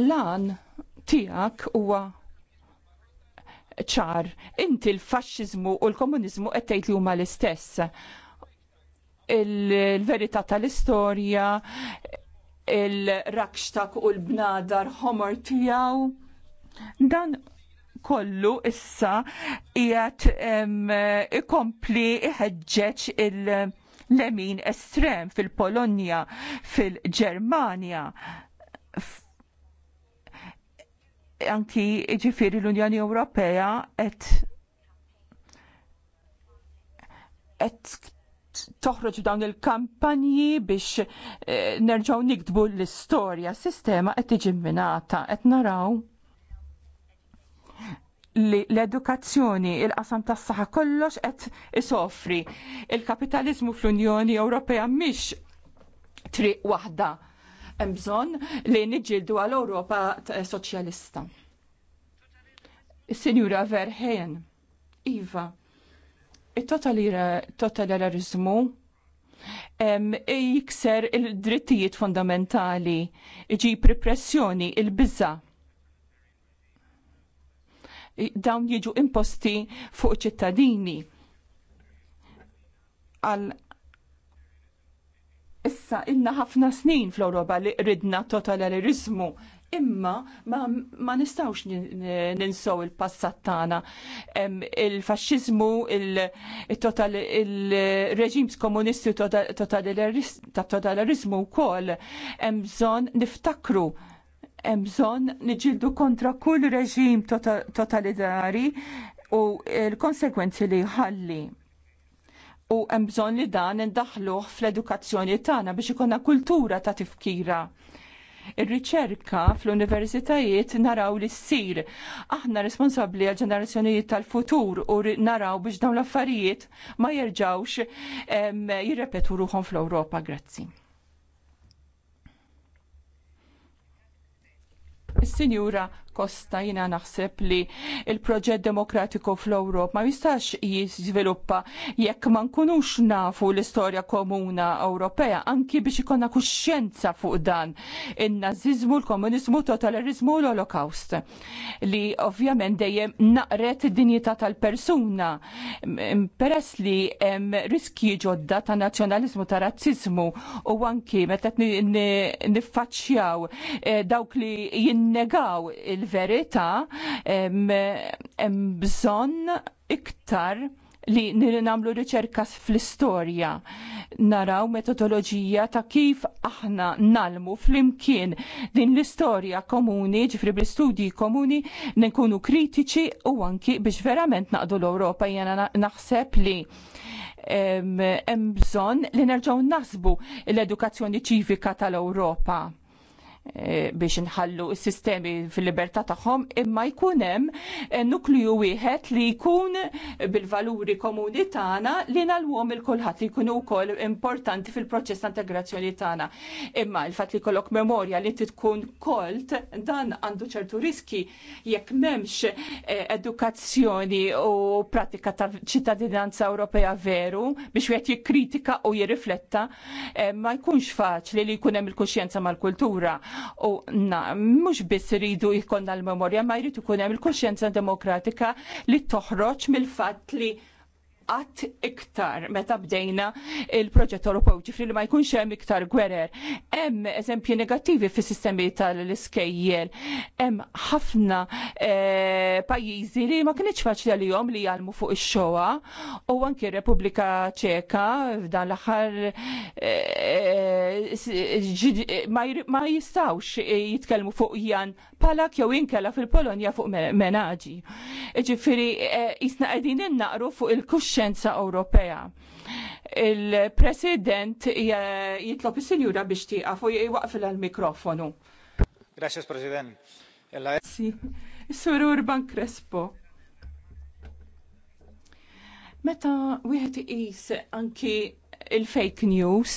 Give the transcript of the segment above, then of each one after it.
lan tiegħek huwa ċar, inti l fasċizmu u l-komuniżmu qed li huma l-istess. Il-verità tal-istorja, il-rakxtak u l-bnadar homor tiegħu. Dan kollu issa qiegħed ikompli iħeġġeġ il- lemin estrem fil-Polonja, fil-Germania anki ġifiri l-Unjoni Ewropea et et toħroġ dawn il-kampanji biex eh, nerġaw nikdbu l-istorja, sistema qed tiġi minata, qed naraw li l-edukazzjoni, il-qasam tas saħħa kollox qed isofri. Il-kapitalizmu fl-Unjoni Ewropea mhix triq waħda hemm bżonn li niġġieldu għal Ewropa soċjalista. Sinjura Verheyen, Iva, it-totalitarizmu jikser il-drittijiet fundamentali, iġib repressjoni, il-bizza. Dawn jiġu imposti fuq ċittadini għal Issa inna ħafna snin fl-Europa li ridna totalitariżmu imma ma, ma nistawx ninsow il-passat tagħna. Il-faxxiżmu, il-reġims komunisti ta' totalarizmu wkoll hemm bżonn niftakru hemm bżonn niġildu kontra kull reġim tota-, totalitari u l-konsekwenzi li ħalli u hemm bżonn li dan indaħluh fl-edukazzjoni tagħna biex ikonna kultura ta' tifkira. Ir-riċerka fl-universitajiet naraw li ssir. Aħna responsabbli għal ġenerazzjonijiet tal-futur u naraw biex dawn l-affarijiet ma jerġawx jirrepetu ruhom fl-Ewropa. Grazzi. Is-Sinjura Kosta jina naħseb li il-proġett demokratiku fl-Ewropa ma jistax jiżviluppa jekk ma nkunux nafu l-istorja komuna Ewropea anki biex ikonna kuxjenza fuq dan in-naziżmu, l-komuniżmu, totalarizmu u l-Olokaust li ovvjament dejjem naqret id-dinjità tal-persuna peress li hemm riski ġodda ta' nazzjonaliżmu ta' razziżmu u anki meta niffaċċjaw eh, dawk li jinnegaw il fil-verità hemm bżonn iktar li nagħmlu riċerka fl-istorja naraw metodoloġija ta' kif aħna nalmu fl-imkien din l-istorja komuni, ġifri bl-istudji komuni, nkunu kritiċi u anki biex verament naqdu l-Europa jena naħseb li hemm bżonn li nerġgħu nasbu l-edukazzjoni ċivika tal-Ewropa Eh, biex inħallu s-sistemi fil-libertà tagħhom imma jkun hemm eh, nukliju wieħed li jkun bil-valuri komuni tagħna li nalwhom il kulħadd li jkunu wkoll importanti fil-proċess ta' integrazzjoni tagħna. Imma l-fatt li jkollok memorja li tkun kolt dan għandu ċertu riski jekk m'hemmx eh, edukazzjoni u pratika ta' ċittadinanza Ewropea veru biex wieħed jikkritika u jirrifletta ma jkunx faċli li jkun hemm il-kuxjenza mal-kultura U na, mhux biss iridu jkollna l-memorja, ma jridu jkun hemm il-kuxjenza demokratika li toħroġ mill-fatt li qatt iktar meta bdejna il-proġett Ewropew ġifri li ma jkunx hemm iktar gwerer. Hemm eżempji negattivi fis-sistemi tal-iskejjel. Hemm ħafna e, pajjiżi li ma kienx faċli għalihom li jgħalmu fuq ix-xoa u anke Repubblika Ċeka f'dan l-aħħar e, e, ma jistgħux jitkellmu fuq Jan Palak jew inkella fil-Polonja fuq menaġi. Ġifieri jisna qegħdin innaqru fuq il-kux xenza Ewropea. Il-President jitlob is-sinjura biex tieqa' fuq jwaqfil l mikrofonu Grazie, President. Sur Urban Crespo. Meta wieħed iqis anki il-fake news,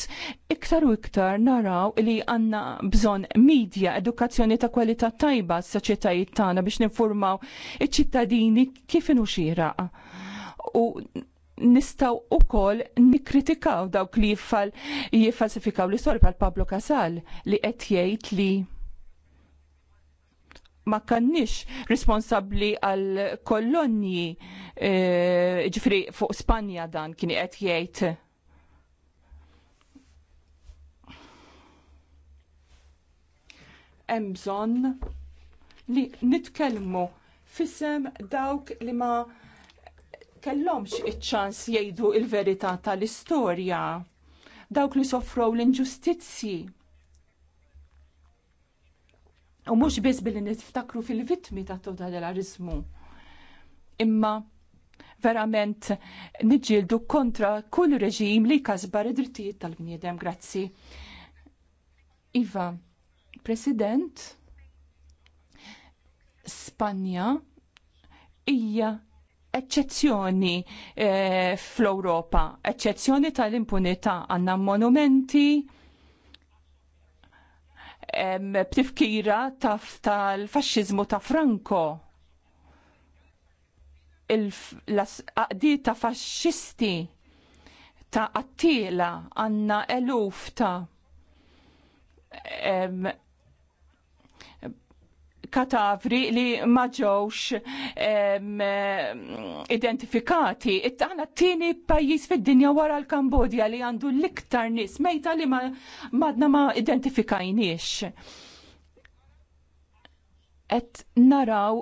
iktar u iktar naraw li għanna bżon media, edukazzjoni ta' kwalità tajba s-soċietajiet tagħna biex ninformaw iċ-ċittadini kif inhu jiraqa' u nistaw u kol nikritikaw dawk li jiffal jiffalsifikaw l-istorja pal Pablo Casal li qed jgħid li ma kannix responsabli għal kolonji e, ġifri fuq Spanja dan kien qed jgħid. Hemm bżonn li nitkellmu fisem dawk li ma' kellhomx iċ-ċans jgħidu l verità tal-istorja. Dawk li sofrow l-inġustizzji. U mhux biss billi niftakru fil-vittmi ta' totalitarizmu. Imma verament niġġieldu kontra kull reġim li kasbar id-drittijiet tal-bniedem. Grazzi. Iva, President, Spanja hija eċċezzjoni eh, fl-Ewropa, eċċezzjoni tal-impunità għandna monumenti ptifkira tal fasċizmu ta' Franco l-aqdi ta' faxxisti ta' qattila għandna eluf ta' katavri li ma ġewx identifikati. Aħna t-tieni pajjiż fid-dinja wara l-Kambodja li għandu l-iktar nies mejta li madna ma identifikajniex. Et naraw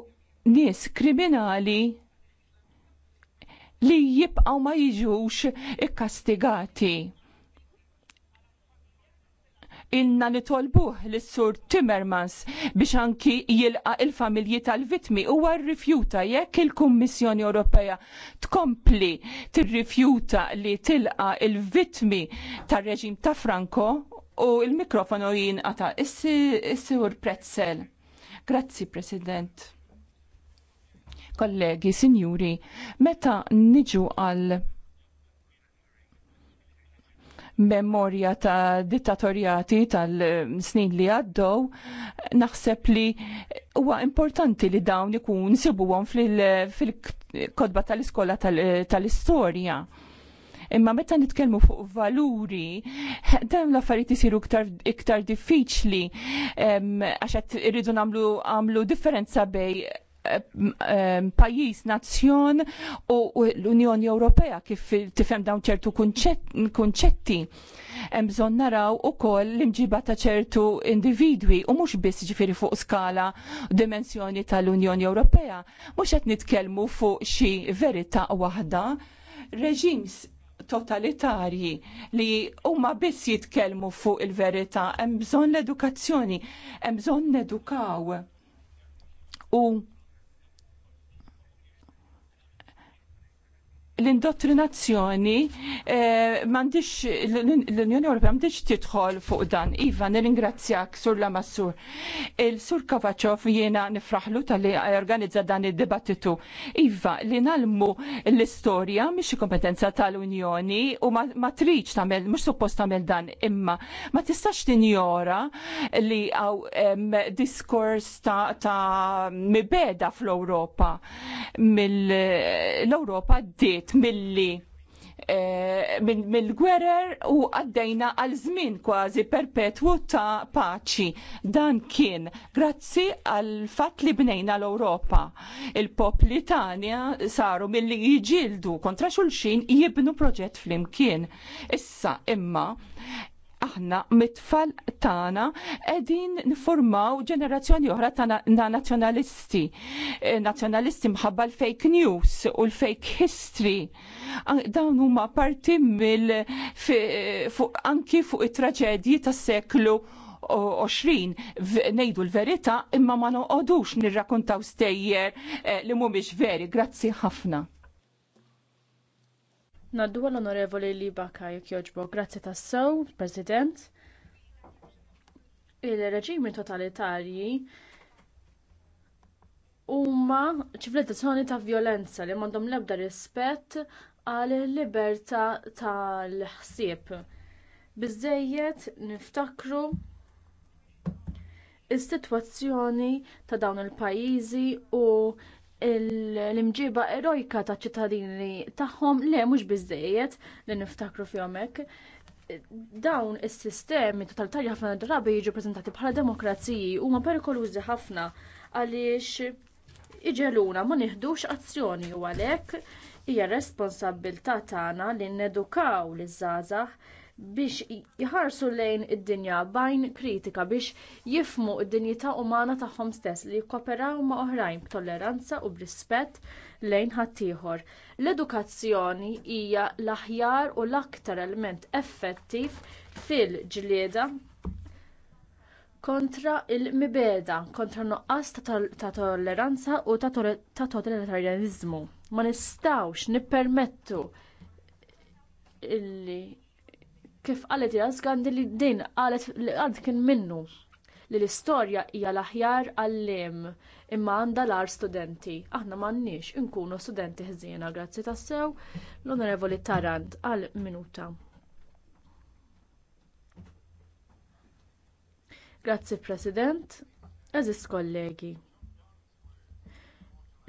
nies kriminali li jibqaw ma jiġux ikkastigati inna nitolbuh l-sur Timmermans biex anki jilqa il-familji tal-vitmi u rrifjuta jekk il-Kummissjoni Ewropea tkompli tirrifjuta li tilqa il-vitmi tar-reġim ta' Franco u il-mikrofonu għata is-sur Pretzel. Grazzi, President kollegi, sinjuri, meta niġu għal memorja ta' dittatorjati tal-snin li għaddew, naħseb li huwa importanti li dawn ikun sibuhom fil-kodba tal-iskola tal-istorja. Imma meta nitkellmu fuq valuri, dawn l-affarijiet isiru iktar diffiċli għax qed irridu nagħmlu differenza bej Eh, pajjiż nazzjon u l-Unjoni Ewropea kif tifhem dawn ċertu kunċetti. Hemm bżonn naraw ukoll l-imġiba ta' ċertu individwi u mhux biss ġifieri fuq skala dimensjoni tal-Unjoni Ewropea, mhux qed nitkellmu fuq xi verità waħda. Reġims totalitarji li huma biss jitkellmu fuq il-verità, hemm bżonn l-edukazzjoni, hemm bżonn nedukaw. U l-indottrinazzjoni eh, m'għandix l-Unjoni Ewropea m'għandix tidħol fuq dan. Iva, nirringrazzjak sur la massur. Il-sur Kavaċov jiena nifraħlu tal-li organizza dan id-dibattitu. Iva, li nalmu l-istorja mhix kompetenza tal-Unjoni u ma triċ tagħmel, mhux suppost tagħmel dan, imma ma tistax tinjora li għaw diskors ta' mibeda fl-Ewropa mill-Ewropa d bdiet milli eh, mill-gwerer u għaddejna għal żmien kważi perpetwu ta' paċi. Dan kien grazzi għal fatt li bnejna l-Ewropa. Il-popli tagħna saru mill-li jġildu kontra xulxin jibnu proġett flimkien. Issa imma aħna mit-tfal tagħna qegħdin ġenerazzjoni oħra ta' nazzjonalisti. E, nazzjonalisti mħabba l-fake news u l-fake history. Dawn huma parti mill anki fuq it-traġedji tas-seklu 20 nejdu l-verita imma ma noqodux nirrakuntaw stejjer e, li mhumiex veri. Grazzi ħafna. Naddu l onorevoli Li Baka jekk joġbo Grazzi tas-sew, President. Il-reġimi totalitarji huma ċivilizzazzjoni ta' vjolenza li m'għandhom l-ebda rispett għal libertà tal-ħsieb. Biżżejjed niftakru is-sitwazzjoni ta' dawn il-pajjiżi u l-imġiba erojka ta' ċittadini tagħhom le mhux biżejjed li niftakru fihom hekk. Dawn is-sistemi totalitarji ħafna drabi jiġu preżentati bħala demokraziji huma perikolużi ħafna għaliex iġeluna ma nieħdux azzjoni u għalhekk hija responsabbiltà tagħna li nedukaw l żgħażagħ biex jħarsu lejn id-dinja bajn kritika biex jifmu id-dinjità umana tagħhom stess li jikkoperaw ma' oħrajn b'tolleranza u b'rispett lejn ħaddieħor. L-edukazzjoni hija l-aħjar u l-aktar element effettiv fil-ġlieda kontra l mibeda kontra nuqqas ta' tolleranza u ta' totalitarjaniżmu Ma nistgħux nippermettu illi kif qalet jas għandi li din qalet li għad kien minnu li l-istorja hija l-aħjar għallim imma għandha l-ar studenti. Aħna m'għandniex inkunu studenti ħżiena grazzi tassew l-Onorevoli Tarant għal minuta. Grazzi President, eżis kollegi.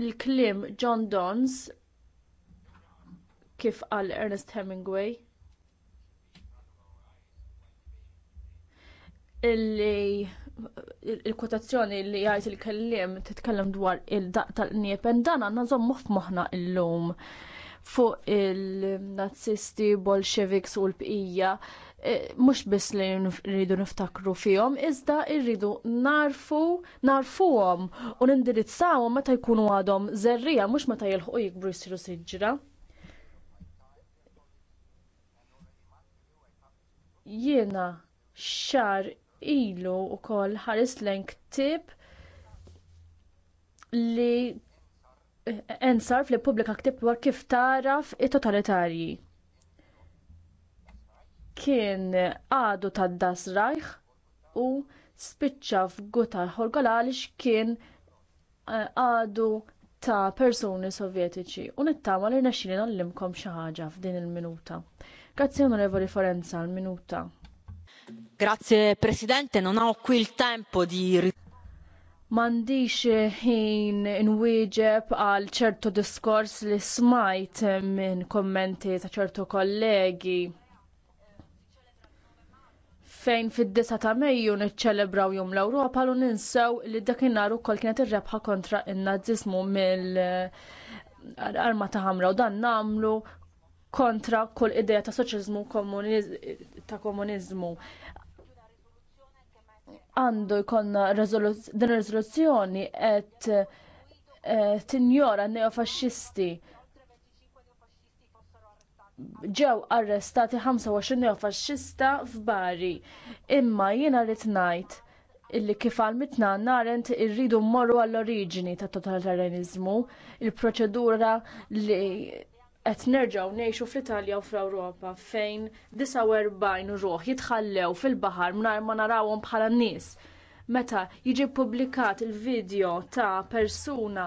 Il-klim John Dons kif qal Ernest Hemingway illi il-kotazzjoni li għajt il-kellim titkellem dwar il-daq tal-niepen dan għandna nżommu il-lum fuq il-nazzisti, bolxeviks u l-bqija, e, mhux biss li rridu niftakru fihom, iżda rridu narfu, narfuhom u nindirizzawhom meta jkunu għadhom żerrija mhux meta jilħqu jikbru jsiru siġra. Jiena xar ilu wkoll ħares lejn ktieb li eh, ensarf li pubblika ktieb dwar kif taraf it-totalitarji. Kien għadu tad dasrajħ u spiċċa f'guta għaliex kien eh, għadu ta' persuni sovjetiċi u nittama li naxxilina għallimkom xi xaħġa f'din il-minuta. Grazzi onorevoli Forenza għall minuta Grazie Presidente, non ho qui il tempo di Mandiċ eh, ħin inwieġeb għal ċertu diskors li smajt eh, minn kommenti ta' ċertu kollegi fejn fid-9 ta' Mejju niċċelebraw jum l-Ewropa u ninsew li dakinhar ukoll kienet ir-rebħa kontra n-naziżmu mill eh, armata ħamra u dan nagħmlu kontra kull ideja ta' soċizmu ta' komuniżmu. Għandu jkonna din riżoluzzjoni qed eh, tinjora neofaxxisti ġew arrestati 25 neofaxxista f'Bari. Imma jiena rrid ngħid illi kif għal mitna narent irridu mmorru għall-oriġini tat totalitarianizmu, il-proċedura li qed nerġgħu ngħixu fl-Italja u fl-Ewropa fejn 49 ruħ jitħallew fil-baħar mingħajr ma narawhom bħala nies. Meta jiġi ppubblikat il-video ta' persuna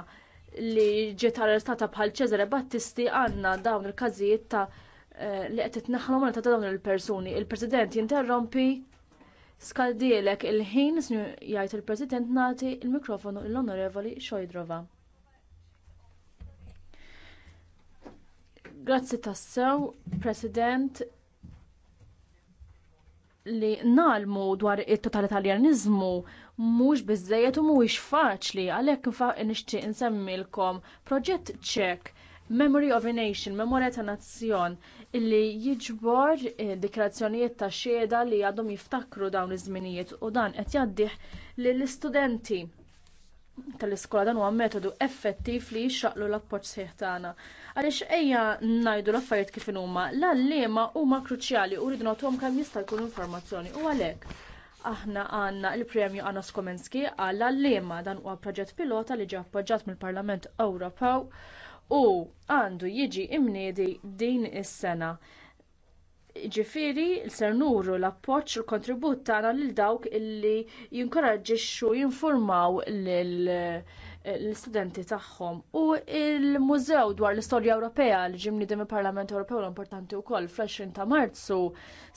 li ġiet arrestata bħal Ċeżare Battisti għandna dawn il-każijiet ta' eh, li qed titnaħħlhom ta' dawn il-persuni. Il-President jinterrompi skaldielek il-ħin jgħid il-President Nati l mikrofonu l-Onorevoli Xojdrova. Grazzi tassew, President, li nalmu dwar it-totalitarjanizmu mhux biżejjed u mhuwiex faċli għalhekk infaq nixtieq insemmilkom proġett ċek Memory of a Nation, Memorja ta' Nazzjon, illi jiġbor eh, dikrazzjonijiet ta' xhieda li għadhom jiftakru dawn iż-żminijiet u dan qed jaddih lill-istudenti tal-iskola dan huwa metodu effettiv li jixxaqlu l-appoġġ sieħ tagħna. Għaliex ejja ngħidu l-affarijiet kif huma, l-għalliema huma kruċjali u rridu nagħtuhom kemm jista' jkun informazzjoni u għalhekk. Aħna għandna l premju Anna Skomenski għal għalliema dan huwa proġett pilota li ġie appoġġjat mill-Parlament Ewropew u għandu jiġi imniedi din is-sena. Ġifiri, ser nuru l-appoċ u l-kontribut tagħna lil dawk illi jinkoraġġixxu jinformaw eh, l-istudenti tagħhom. U l-Mużew dwar l-Istorja Ewropea li ġimni dim il-Parlament Ewropew l-importanti wkoll fl-20 ta' Marzu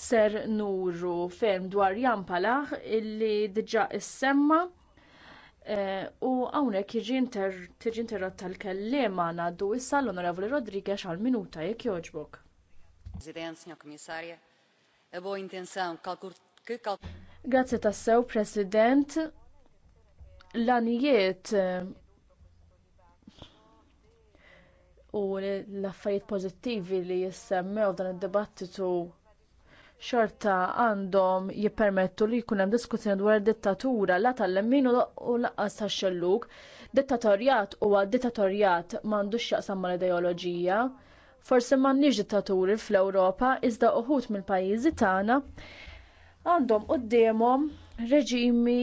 ser nuru ferm dwar Jan Palaħ illi diġà issemma eh, u hawnhekk jiġi tiġi interrotta l-kelliem għandu issa l-Onorevoli Rodriguez għal minuta jekk jogħġbok. President, signor Commissario, Grazzi tassew, President. L-anijiet eh, u l-affarijiet pożittivi li jissemmew dan id-dibattitu xorta għandhom jippermettu li jkun hemm diskussjoni dwar dittatura la tal-lemmin u laqqas tax xelluk. Dittatorjat huwa dittatorjat m'għandux x'jaqsam mal-ideoloġija. Forsi m'għandniex dittaturi fl-Ewropa iżda uħud mill-pajjiżi tagħna għandhom qudiemhom reġimi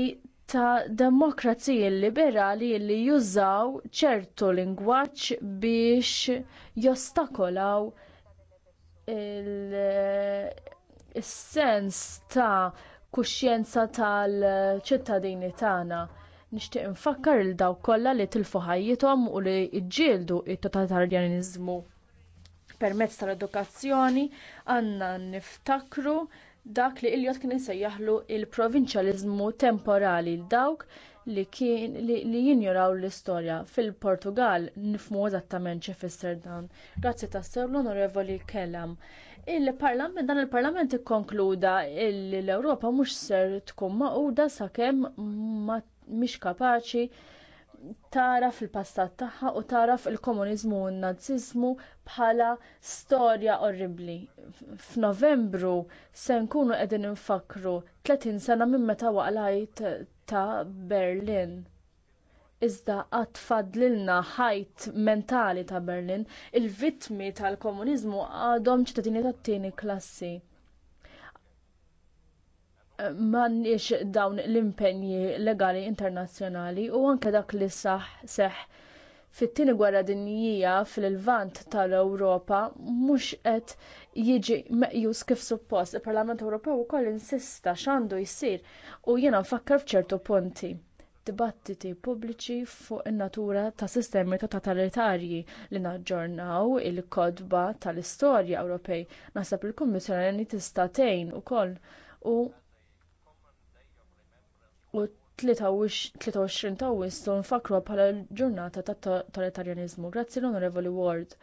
ta' demokrazija liberali li jużaw ċertu lingwaġġ biex jostakolaw il-sens ta' kuxjenza tal-ċittadini tagħna. Nixtieq infakkar il dawk kollha li tilfu ħajjithom u li ġġieldu t totalitarjaniżmu permezz tal-edukazzjoni għandna niftakru dak li iljot kien insejjaħlu l provinċjaliżmu temporali dawk li, kien, li, li jinjuraw l-istorja fil-Portugal nifmu eżattament x'ifisser dan. Grazzi tassew l-Onorevoli Kellam. Il-parlament dan il-parlament ikkonkluda li l-Ewropa mhux ser tkun maquda sakemm ma mhix kapaċi tara fil-passat tagħha u tara fil-komuniżmu u n-naziżmu bħala storja orribbli. F'Novembru se nkunu qegħdin infakru 30 sena minn meta waqlajt ta' Berlin. Iżda qatt fadlilna ħajt mentali ta' Berlin, il-vittmi tal komuniżmu għadhom ċittadini tat-tieni klassi m'għandniex dawn l-impenji legali internazzjonali u anke dak li saħ seħ fit-tieni gwerra dinjija fil-lvant tal-Ewropa mhux qed jiġi meqjus kif suppost. Il-Parlament Ewropew ukoll insista x'għandu jsir u jiena nfakkar f'ċertu punti dibattiti pubbliċi fuq in-natura ta' sistemi totalitarji li naġġornaw il-kodba tal-istorja Ewropej. Naħseb il-Kummissjoni tista' tgħin ukoll u u 23 ta' Winston fakru bħala l-ġurnata tat totalitarjaniżmu. Grazzi l-Onorevoli Ward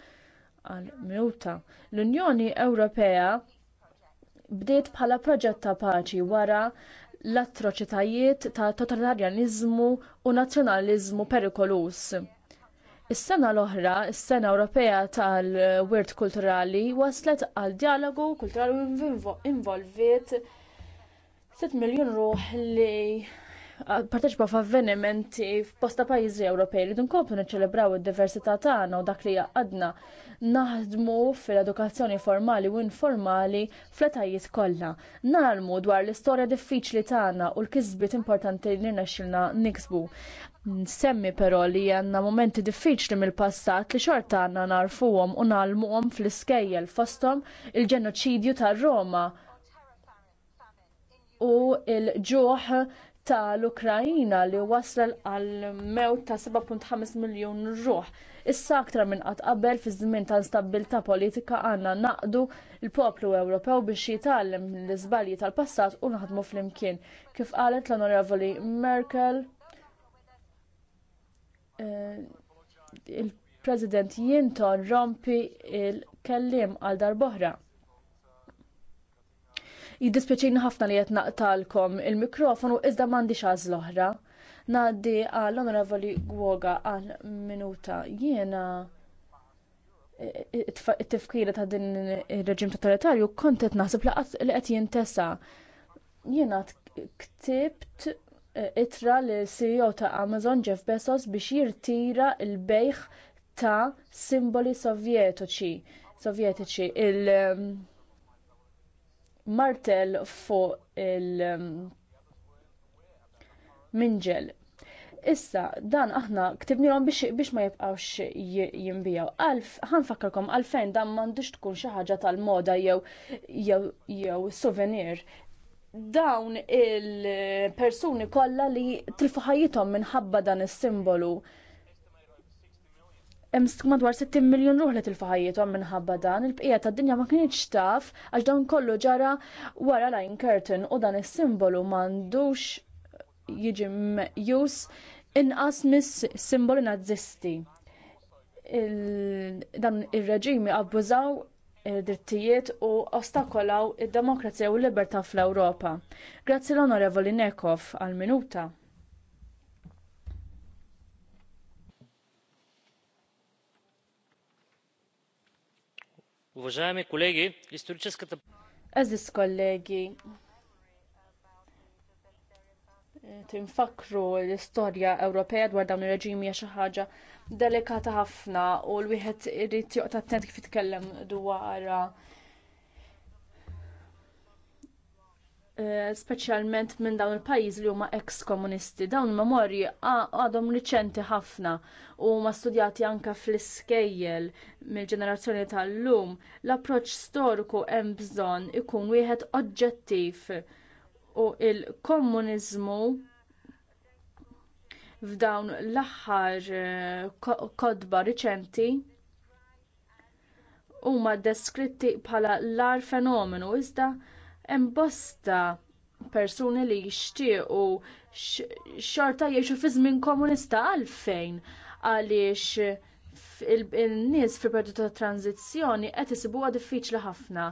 għal minuta. L-Unjoni Ewropea bdiet bħala proġett ta' paċi wara l-atroċitajiet ta' totalitarjaniżmu u nazzjonaliżmu perikolus. Is-sena l-oħra, is-sena Ewropea tal-Wirt Kulturali waslet għal dialogu kulturali involviet 6 miljon ruħ li uh, parteċpa f'avvenimenti f'posta pajjiżi Ewropej li dunkomplu niċċelebraw id-diversità tagħna u dak li jaqadna naħdmu fil-edukazzjoni formali u informali fl-etajiet kollha. Nalmu dwar l-istorja diffiċli tagħna u l-kisbiet importanti li nexxilna niksbu. Nsemmi però li għandna momenti diffiċli mill-passat li xorta għandna narfuhom u nalmuhom fl-iskejjel fosthom il-ġenoċidju tar-Roma u l-ġuħ tal-Ukrajina li wasal għal mewt ta' 7.5 miljun ruħ. Issa aktar minn qatt qabel fi żmien ta' instabilità politika għandna naqdu l-poplu Ewropew biex jitgħallem l-iżbalji tal-passat u naħdmu flimkien. Kif qalet l-Onorevoli Merkel, eh, il-President jinton rompi il-kellim għal darboħra. Jiddispjaċini ħafna li qed naqtalkom il-mikrofonu iżda m'għandix għażl oħra. Ngħaddi għall onorevoli Gwoga għal minuta jiena e, e, it-tifkira ta' din ir-reġim totalitarju kont qed naħseb li qed jintesa. Jiena ktibt e, itra li CEO ta' Amazon Jeff Bezos biex jirtira l-bejħ ta' simboli sovjetiċi. Sovjetiċi il- martell fuq il-minġel. Um, Issa, dan aħna ktibni biex, biex ma jibqawx jinbijaw. Alf, ħanfakkarkom għalfejn dan m'għandux tkun xi ħaġa tal-moda jew jew jew souvenir dawn il-persuni kollha li tilfu ħajjithom minħabba dan is-simbolu hemm madwar 60 miljun ruħ li tilfa' minħabba dan, il-bqija tad-dinja ma kienx taf għax dan kollu ġara wara Line Curtain u dan is-simbolu m'għandux jiġi jus inqas miss simboli nazisti. Dan ir-reġimi abbużaw drittijiet u ostakolaw id-demokrazija u l-libertà fl-Ewropa. Grazzi l-Onorevoli Nekov għal-minuta. Уважаеми колеги, историческата... Aziz kollegi, tinfakru l-istorja Ewropea dwar dawn ir-reġimi hija xi ħaġa delikata ħafna u l-wieħed irid joqgħod attent kif jitkellem dwarha Eh, speċjalment minn dawn il-pajjiż li huma ex komunisti. Dawn il-memorji għadhom riċenti ħafna u ma studjati anke fl-iskejjel mill-ġenerazzjoni tal-lum. L-approċċ storiku hemm bżonn ikun wieħed oġġettiv u l komuniżmu f'dawn l-aħħar eh, kotba riċenti huma deskritti bħala l-ar fenomenu iżda hemm bosta persuni li jixtiequ xorta jgħixu fi żmien komunista għalfejn għaliex il-nies fil perdu ta' tranzizzjoni qed isibuha diffiċli ħafna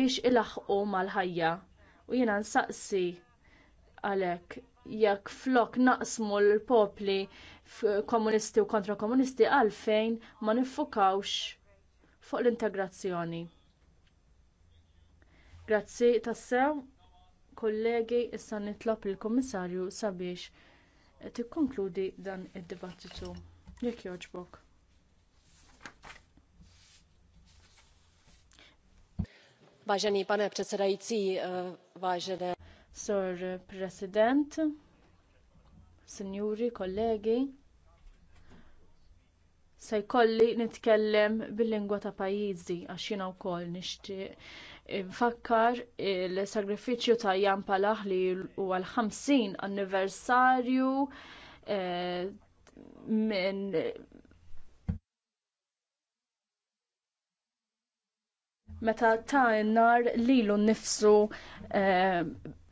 biex ilaħqu mal-ħajja. U jiena nsaqsi għalhekk jekk flok naqsmu l-popli komunisti u kontra komunisti għalfejn ma niffukawx fuq l-integrazzjoni. Grazzi tassew, kollegi, issa nitlob il-Kummissarju sabiex tikkonkludi dan id-dibattitu. Jekk jogħġbok. Vážený pane předsedající, eh, vážené... Sir President, Signori, kollegi, se jkolli nitkellem bil-lingwa ta' pajjiżi għax jiena wkoll nixtieq Infakkar il-sagrifiċju ta' Jan Palah li huwa l-50 anniversarju eh, minn meta ta' n-nar lilu nnifsu eh,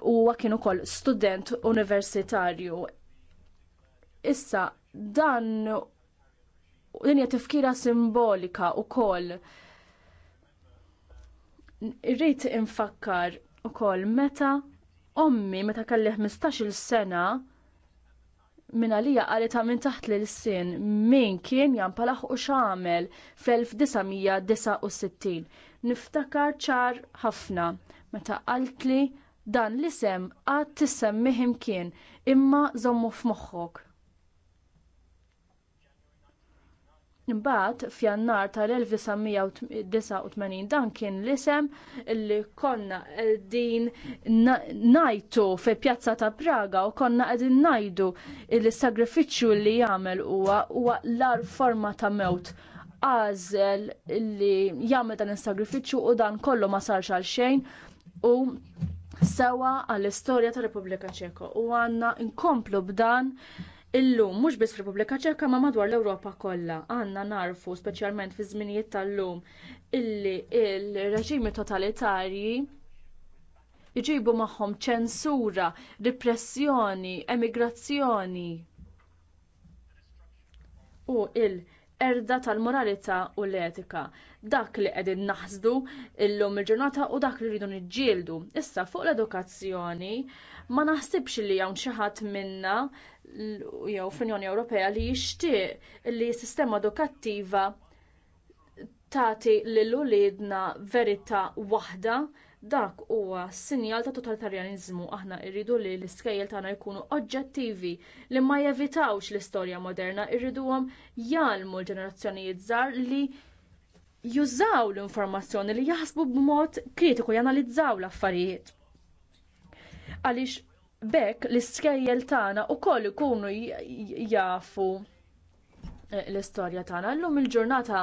huwa kien ukoll student universitarju. Issa dan dinja tifkira simbolika wkoll Irrid infakkar ukoll meta ommi meta kelli 15-il sena minn għalija qalet ta' minn taħt l sin min kien jampalaħ u xamel fl-1969. Niftakar ċar ħafna meta qaltli dan l-isem għad tissemmihim kien imma żommu f'moħħok. Imbagħad f'Jannar tal-1989 dan kien l-isem li konna qegħdin ngħidu fi Pjazza ta' Praga u konna qegħdin ngħidu li s sagrifiċċju li jagħmel huwa huwa l-ar forma ta' mewt għażel li jagħmel dan is-sagrifiċċju u dan kollu ma sarx għal xejn u sewa għall-istorja tar Repubblika Ċeka u għandna nkomplu b'dan Illum mhux biss fir-Repubblika Ċeka ma madwar l-Ewropa kollha għandna narfu speċjalment fi żminijiet tal-lum illi l reġimi totalitarji jġibu magħhom ċensura, repressjoni, emigrazzjoni u l-erda tal-moralità u l-etika. Dak li qegħdin naħsdu illum il-ġurnata u dak li rridu niġġieldu. Issa fuq l-edukazzjoni ma naħsibx li hawn xi ħadd minna jew fl-Unjoni Ewropea li jixtieq li s-sistema edukattiva tagħti lil uliedna verità waħda dak huwa sinjal ta' totalitarjaniżmu aħna rridu li l-iskejjel tagħna jkunu oġġettivi li ma jevitawx l-istorja moderna irriduhom jgħalmu l-ġenerazzjonijiet żgħar li jużaw l-informazzjoni li jaħsbu b'mod kritiku janalizzaw l-affarijiet għaliex bekk l-iskejjel tagħna wkoll ikunu jafu eh, l-istorja tagħna. Llum il-ġurnata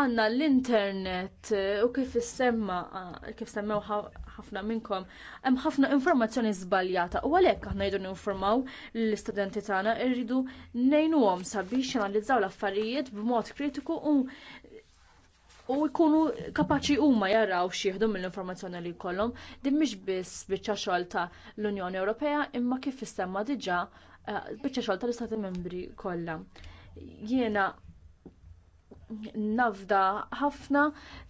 għandna l-internet eh, u kif semma eh, kif semmew ħafna minnkom hemm ħafna informazzjoni żbaljata u għalhekk aħna jridu ninformaw l-istudenti tagħna rridu ngħinuhom sabiex janalizzaw l-affarijiet b'mod kritiku u u jkunu kapaċi huma jaraw xieħdu mill-informazzjoni li jkollhom din mhix biss biċċa xogħol ta' l-Unjoni Ewropea imma kif issemma diġà eh, biċċa xogħol tal-Istati Membri kollha. Jiena nafda ħafna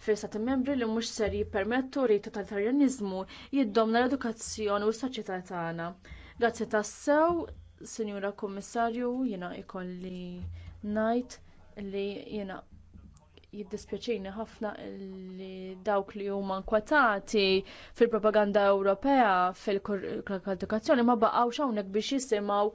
fil-Stati Membri li mhux ser jippermettu ri totalitarjanizmu jiddomna l-edukazzjoni u s-soċjetà tagħna. Grazzi tassew, Sinjura Kommissarju, jiena ikolli ngħid li jiena jiddispjaċini ħafna li dawk li huma nkwatati fil-propaganda Ewropea fil kwalifikazzjoni ma baqgħux hawnhekk biex jisimgħu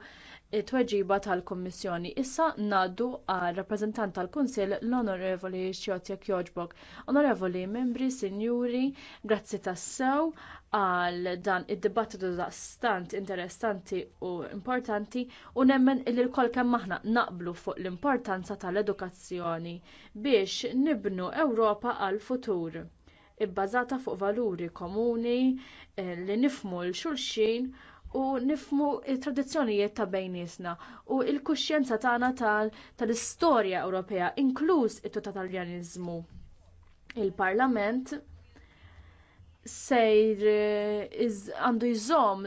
it-tweġiba tal-Kummissjoni. Issa ngħaddu għal rappreżentant tal-Kunsill l-Onorevoli Xjotjek Joġbok. Onorevoli membri, sinjuri, grazzi tassew għal dan id-dibattitu stant interessanti u importanti u nemmen li kol kemm aħna naqblu fuq l-importanza tal-edukazzjoni biex nibnu Ewropa għal futur ibbażata fuq valuri komuni eh, li nifhmu l xulxin u nifhmu t tradizzjonijiet ta' bejniesna u l-kuxjenza tagħna tal-istorja Ewropea inkluż it-totaljanizmu. Il-Parlament sejr eh, għandu jżomm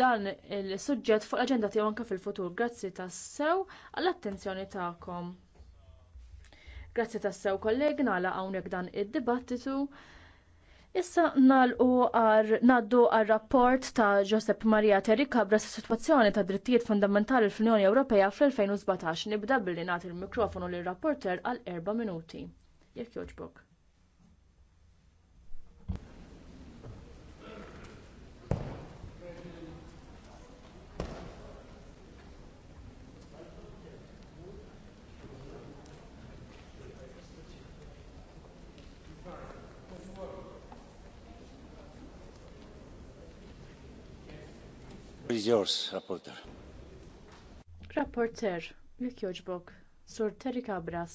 dan il-suġġett fuq l-aġenda tiegħu anke fil-futur. Grazzi tassew għall-attenzjoni tagħkom. Grazzi tassew kollegi nagħlaq hawnhekk dan id-dibattitu. Issa nalqu naddu għar rapport ta' Josep Maria Terrika bra situazzjoni ta' drittijiet fundamentali fl-Unjoni Ewropea fl-2017. Nibda billi nagħti il-mikrofonu lir rapporter għal erba' minuti. Jekk jogħġbok. is yours, rapporteur. Rapporteur, jekk jogħġbok, Sur Terry Cabras.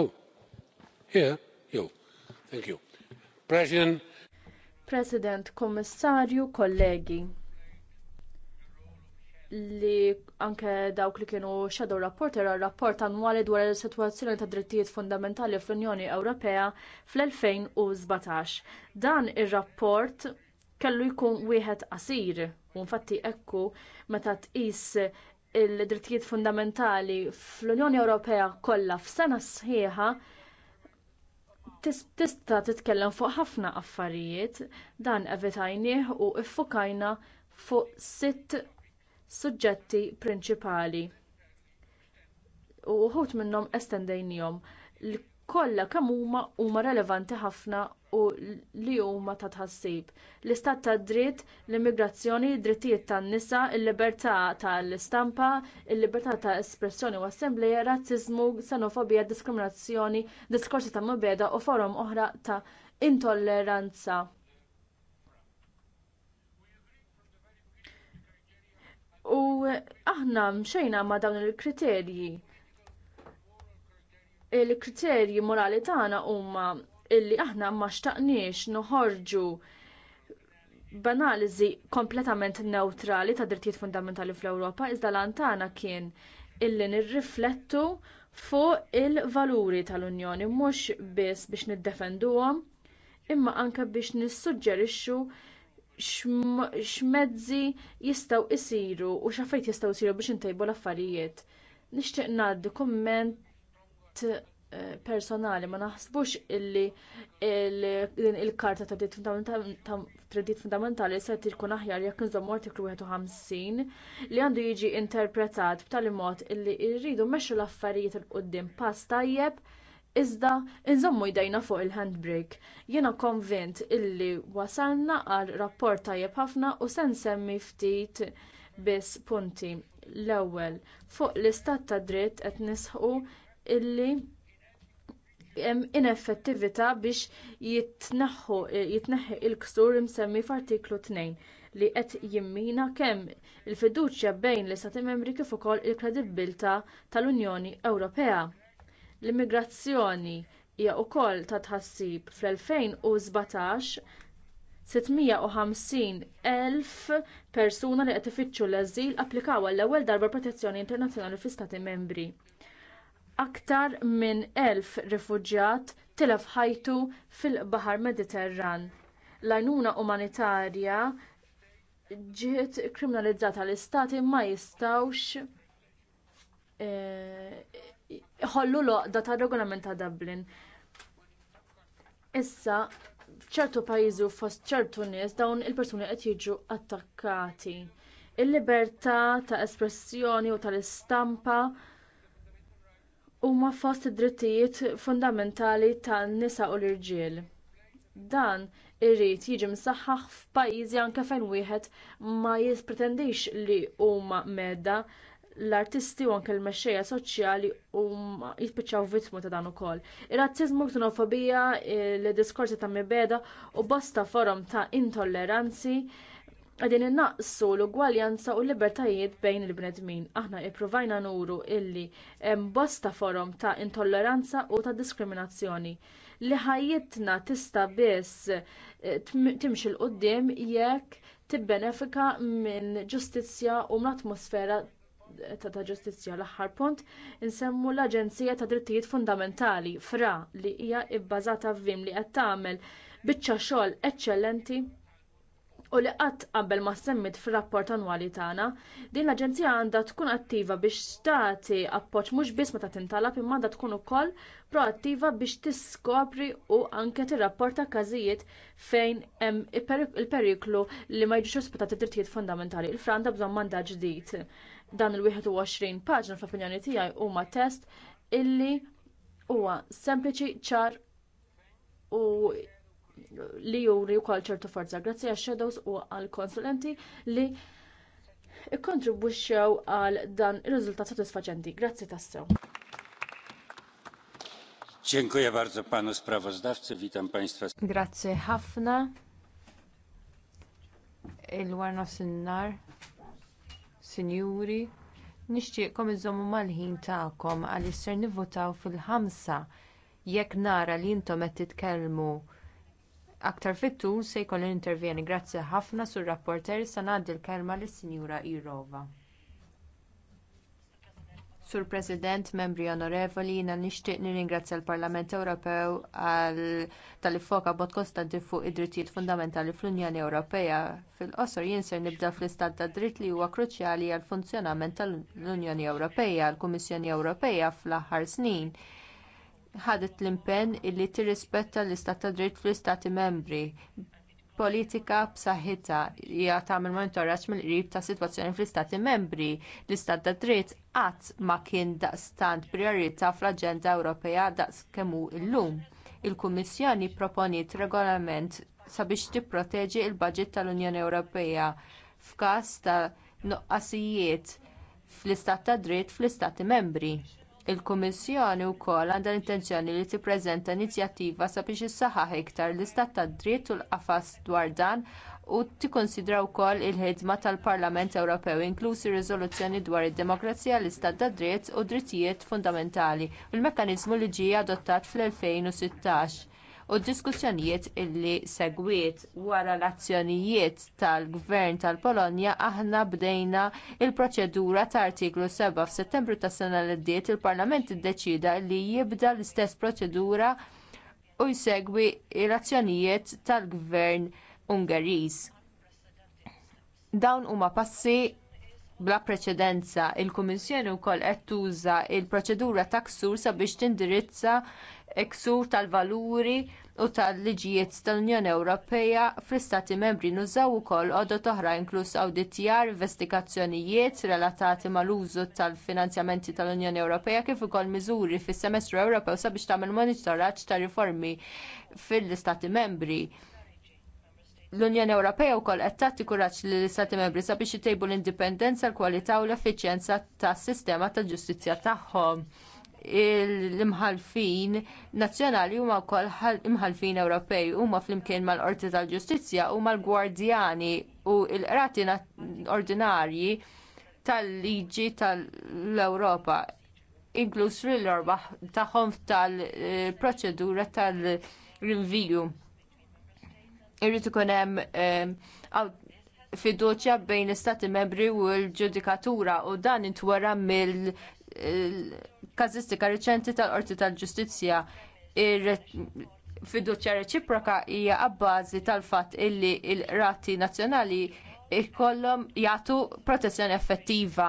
Oh, yeah, you. Thank you. President. President, Kommissarju, kollegi li anke dawk li kienu shadow rapporter għal rapport annwali dwar is-sitwazzjoni ta' drittijiet fundamentali fl-Unjoni Ewropea fl-2017. Dan ir-rapport kellu jkun wieħed qasir u infatti ekku meta tqis il-drittijiet fundamentali fl-Unjoni Ewropea kollha f'sena sħiħa tista' titkellem fuq ħafna affarijiet dan evitajnieh u iffukajna fuq sitt suġġetti prinċipali u uħut minnhom estendejnijom li kollha kemm huma huma relevanti ħafna u li huma ta' tħassib. L-istat tad dritt, l-immigrazzjoni, id-drittijiet tan-nisa, il-libertà tal-istampa, il-libertà ta' espressjoni u assembleja, razziżmu, xenofobija, diskriminazzjoni, diskorsi ta' mibeda u forum oħra ta' intolleranza U aħna mxejna ma dawn il-kriterji. Il-kriterji morali tagħna huma illi aħna ma xtaqniex noħorġu banaliżi kompletament neutrali ta' drittijiet fundamentali fl-Ewropa, iżda tagħna kien illi nirriflettu fuq il-valuri tal-Unjoni mhux biss biex niddefenduhom imma anke biex nissuġġerixxu x'mezzi jistgħu jsiru u x'affarijiet jistgħu jsiru biex intejbu l-affarijiet. Nixtieq ngħaddi kumment eh, personali ma naħsbux illi il-karta ta' diritt fundamentali se tkun aħjar jekk nżommu artiklu 51 li għandu jiġi interpretat b'tali mod illi rridu mexxu l-affarijiet il qudiem pass tajjeb iżda nżommu jdejna fuq il-handbrake. Jiena konvint illi wasalna għal rapport tajjeb ħafna u se nsemmi ftit biss punti. L-ewwel, fuq l-istat ta' dritt qed nisħu illi hemm ineffettività biex jitneħħu jitneħħi l-ksur imsemmi f'artiklu 2 li qed jimmina kemm il-fiduċja bejn l-istati membri kif ukoll il-kredibilità tal-Unjoni Ewropea. L-immigrazzjoni hija wkoll ta' tħassib fl-2017 650,000 persuna li qed ifittxu l-ażil applikaw għall-ewwel darba protezzjoni internazzjonali fi stati membri. Aktar minn 1000 rifuġjat tilef ħajtu fil-Baħar Mediterran. L-għajnuna umanitarja ġiet kriminalizzata l-istati ma jistawx eh, ħollu loqda tar regolament ta' Dublin. Issa, f'ċertu pajjiżi u fost ċertu nies dawn il-persuni qed jiġu attakkati. Il-libertà ta' espressjoni u tal-istampa huma fost id-drittijiet fundamentali tan-nisa u l-irġiel. Dan irrid jiġi msaħħaħ f'pajjiżi anke fejn wieħed ma jispretendix li huma medda l-artisti u anke l-mexxejja soċjali huma jispiċċaw vittmu ta' dan ukoll. ir razzizmu xenofobija, l-diskorsi ta' mibeda u bosta forum ta' intolleranzi qegħdin innaqsu l-ugwaljanza u l-libertajiet bejn il-bnedmin. Aħna ippruvajna nuru illi hemm bosta forum ta' intolleranza u ta' diskriminazzjoni li ħajjitna tista' biss eh, timxi l-qudiem jekk tibbenefika minn ġustizzja u mill atmosfera ta' ġustizzja l-aħħar punt insemmu l-Aġenzija ta' Drittijiet Fundamentali fra li hija bbażata f'vim li qed tagħmel biċċa xogħol eċċellenti u li qatt qabel ma semmit fir-rapport annwali tagħna, din l-Aġenzija għandha tkun attiva biex tagħti appoġġ mhux biss meta tintalab imma għandha tkun ukoll proattiva biex tiskopri u anke tirrapporta każijiet fejn hemm il-periklu li ma jiġux d drittijiet fundamentali. Il-Franda bżonn mandat ġdid. Dan il-21 paġna fl-opinjoni tiegħi huma test illi huwa sempliċi ċar u li juri wkoll ċertu forza grazzi għax shadows u għall konsulenti li ikkontribwixxew għal dan ir-riżultat satisfaċenti. Grazzi tassew. Dziękuję bardzo panu sprawozdawcy. Witam państwa. Grazie ħafna. Il-warna sinnar sinjuri nixtieqkom iżżommu mal-ħin tagħkom għaliex ser nivvotaw fil-5 jekk nara li intom qed titkellmu aktar fit-tul se jkollna nintervjeni grazzi ħafna sur-rapporter sa ngħaddi l-kelma lis-sinjura Irova. Sur President, membri onorevoli, jiena nixtieq nirringrazzja l-Parlament Ewropew għal tal-ifoka bot kostanti fuq id-drittijiet fundamentali fl-Unjoni Ewropea. Fil-qosor jinser nibda fl-istat ta' dritt li huwa kruċjali għall funzjonament tal-Unjoni Ewropea, l-Kummissjoni Ewropea fl-aħħar snin ħadet l impenn illi tirrispetta l-istat ta' dritt fl-istati membri politika b'saħħitha hija tagħmel monitoraġġ mill-qrib ta' sitwazzjoni fl-istati membri. L-istat ta' dritt qatt ma kien daqstant prijorità fl-Aġenda Ewropea daqskemm hu llum. Il-Kummissjoni proponiet regolament sabiex tipproteġi l-baġit tal-Unjoni Ewropea f'każ ta' noqqasijiet fl-istat ta' dritt fl-istati membri il-kummissjoni wkoll għandha l-intenzjoni li tippreżenta inizjattiva sabiex issaħħaħ iktar l-istat tad-dritt u l-qafas dwar dan u tikkunsidra wkoll il-ħidma tal-Parlament Ewropew inklużi riżoluzzjoni dwar id-demokrazija l-istat tad-dritt u d drittijiet fundamentali u l-mekkaniżmu li ġie adottat fl-2016 u d-diskussjonijiet illi segwiet wara l-azzjonijiet tal-Gvern tal-Polonja aħna bdejna l proċedura ta' artiklu 7 f'Settembru tas-sena li ddiet il-Parlament iddeċida li jibda l-istess proċedura u jsegwi l-azzjonijiet tal-Gvern Ungeriż. Dawn huma passi bla preċedenza il-kummissjoni wkoll qed tuża l proċedura ta' ksur sabiex tindirizza eksur tal-valuri u tal-liġijiet tal-Unjoni Ewropea fl-Istati Membri nużaw ukoll għodot oħra inkluż awditjar, investigazzjonijiet relatati mal-użu tal-finanzjamenti tal-Unjoni Ewropea kif ukoll miżuri fis-semestru Ewropew sabiex tagħmel monitoraġġ ta' riformi fl-Istati Membri. L-Unjoni Ewropea wkoll qed tagħti kuraġġ lill-Istati Membri sabiex itejbu l-indipendenza, l-kwalità u l-effiċjenza tas-sistema tal-ġustizzja tagħhom l-imħalfin nazzjonali huma wkoll imħalfin Ewropej huma flimkien mal-Qorti tal-Ġustizzja u l gwardjani u l-qrati ordinarji tal-liġi tal-Ewropa inkluż fil-orbaħ tagħhom tal-proċedura tal-rinviju. Irrid ikun hemm ehm, fiduċja bejn l-istati membri u l-ġudikatura u dan intwera mill il-kazistika riċenti tal-Qorti tal-Ġustizzja fiduċja reċiproka hija abbażi tal-fatt illi l rati nazzjonali jkollhom jagħtu protezzjoni effettiva.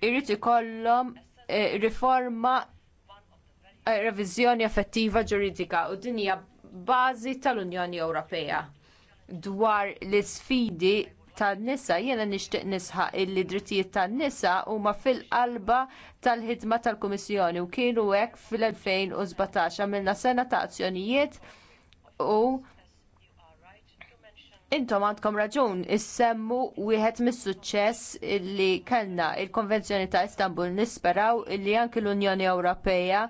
Irrid ikollhom eh, riforma eh, reviżjoni effettiva ġuridika u din hija bażi tal-Unjoni Ewropea dwar l isfidi tan-nisa jiena nixtieq nisħaq illi drittijiet tan-nisa huma fil-qalba tal-ħidma tal-Kummissjoni u kienu hekk fil-2017 għamilna sena ta' azzjonijiet u Intom għandkom raġun, issemmu wieħed mis-suċċess li kellna il-Konvenzjoni ta' Istanbul nisperaw li anki l-Unjoni Ewropea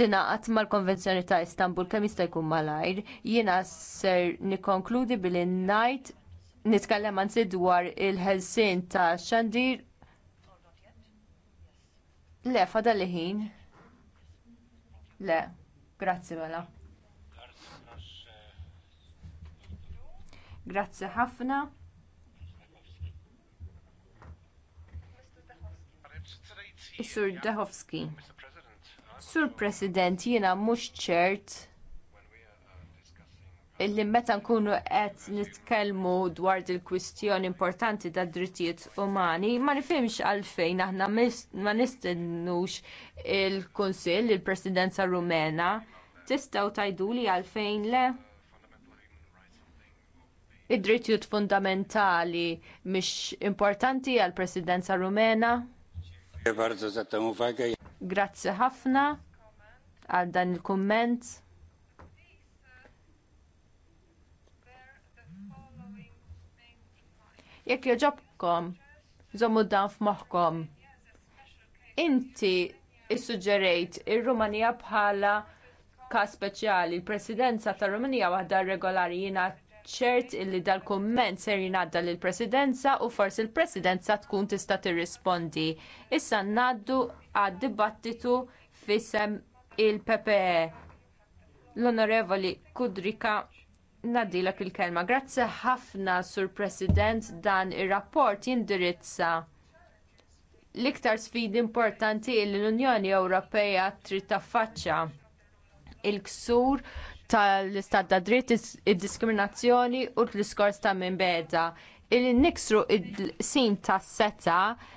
tinaqat mal-Konvenzjoni ta' Istanbul kemm jista' jkun malajr, jiena ser nikkonkludi billi ngħid nitkellem anzi dwar il-ħelsin ta' xandir le fada li ħin le grazzi mela grazzi ħafna Sur Dahovski. Sur President, jiena mhux ċert illi meta nkunu qed nitkellmu dwar il-kwistjoni importanti tad drittijiet umani ma nifhimx għalfejn aħna ma nistennux il-Kunsill il-Presidenza Rumena tistgħu li għalfejn le id-drittijiet fundamentali mhix importanti għall presidenza rumena. Grazzi ħafna għal dan il-kumment. Jekk joġobkom, żommu dan f'moħħkom. Inti issuġġerejt ir-Rumanija bħala każ speċjali, il-Presidenza tar-Rumanija waħda regolari jiena ċert illi dal-kumment ser jingħadda lill presidenza u forsi l-presidenza tkun tista' tirrispondi. Issa ngħaddu għad-dibattitu f'isem il-PPE. L-Onorevoli Kudrika Naddilak il-kelma. Grazzi ħafna, Sur President, dan ir-rapport jindirizza l-iktar sfidi importanti li l-Unjoni Ewropea trid taffaċċja il-ksur tal-istat ta' dritt, id-diskriminazzjoni u l-iskors ta' minn beda. Il-niksru il-sin tas seta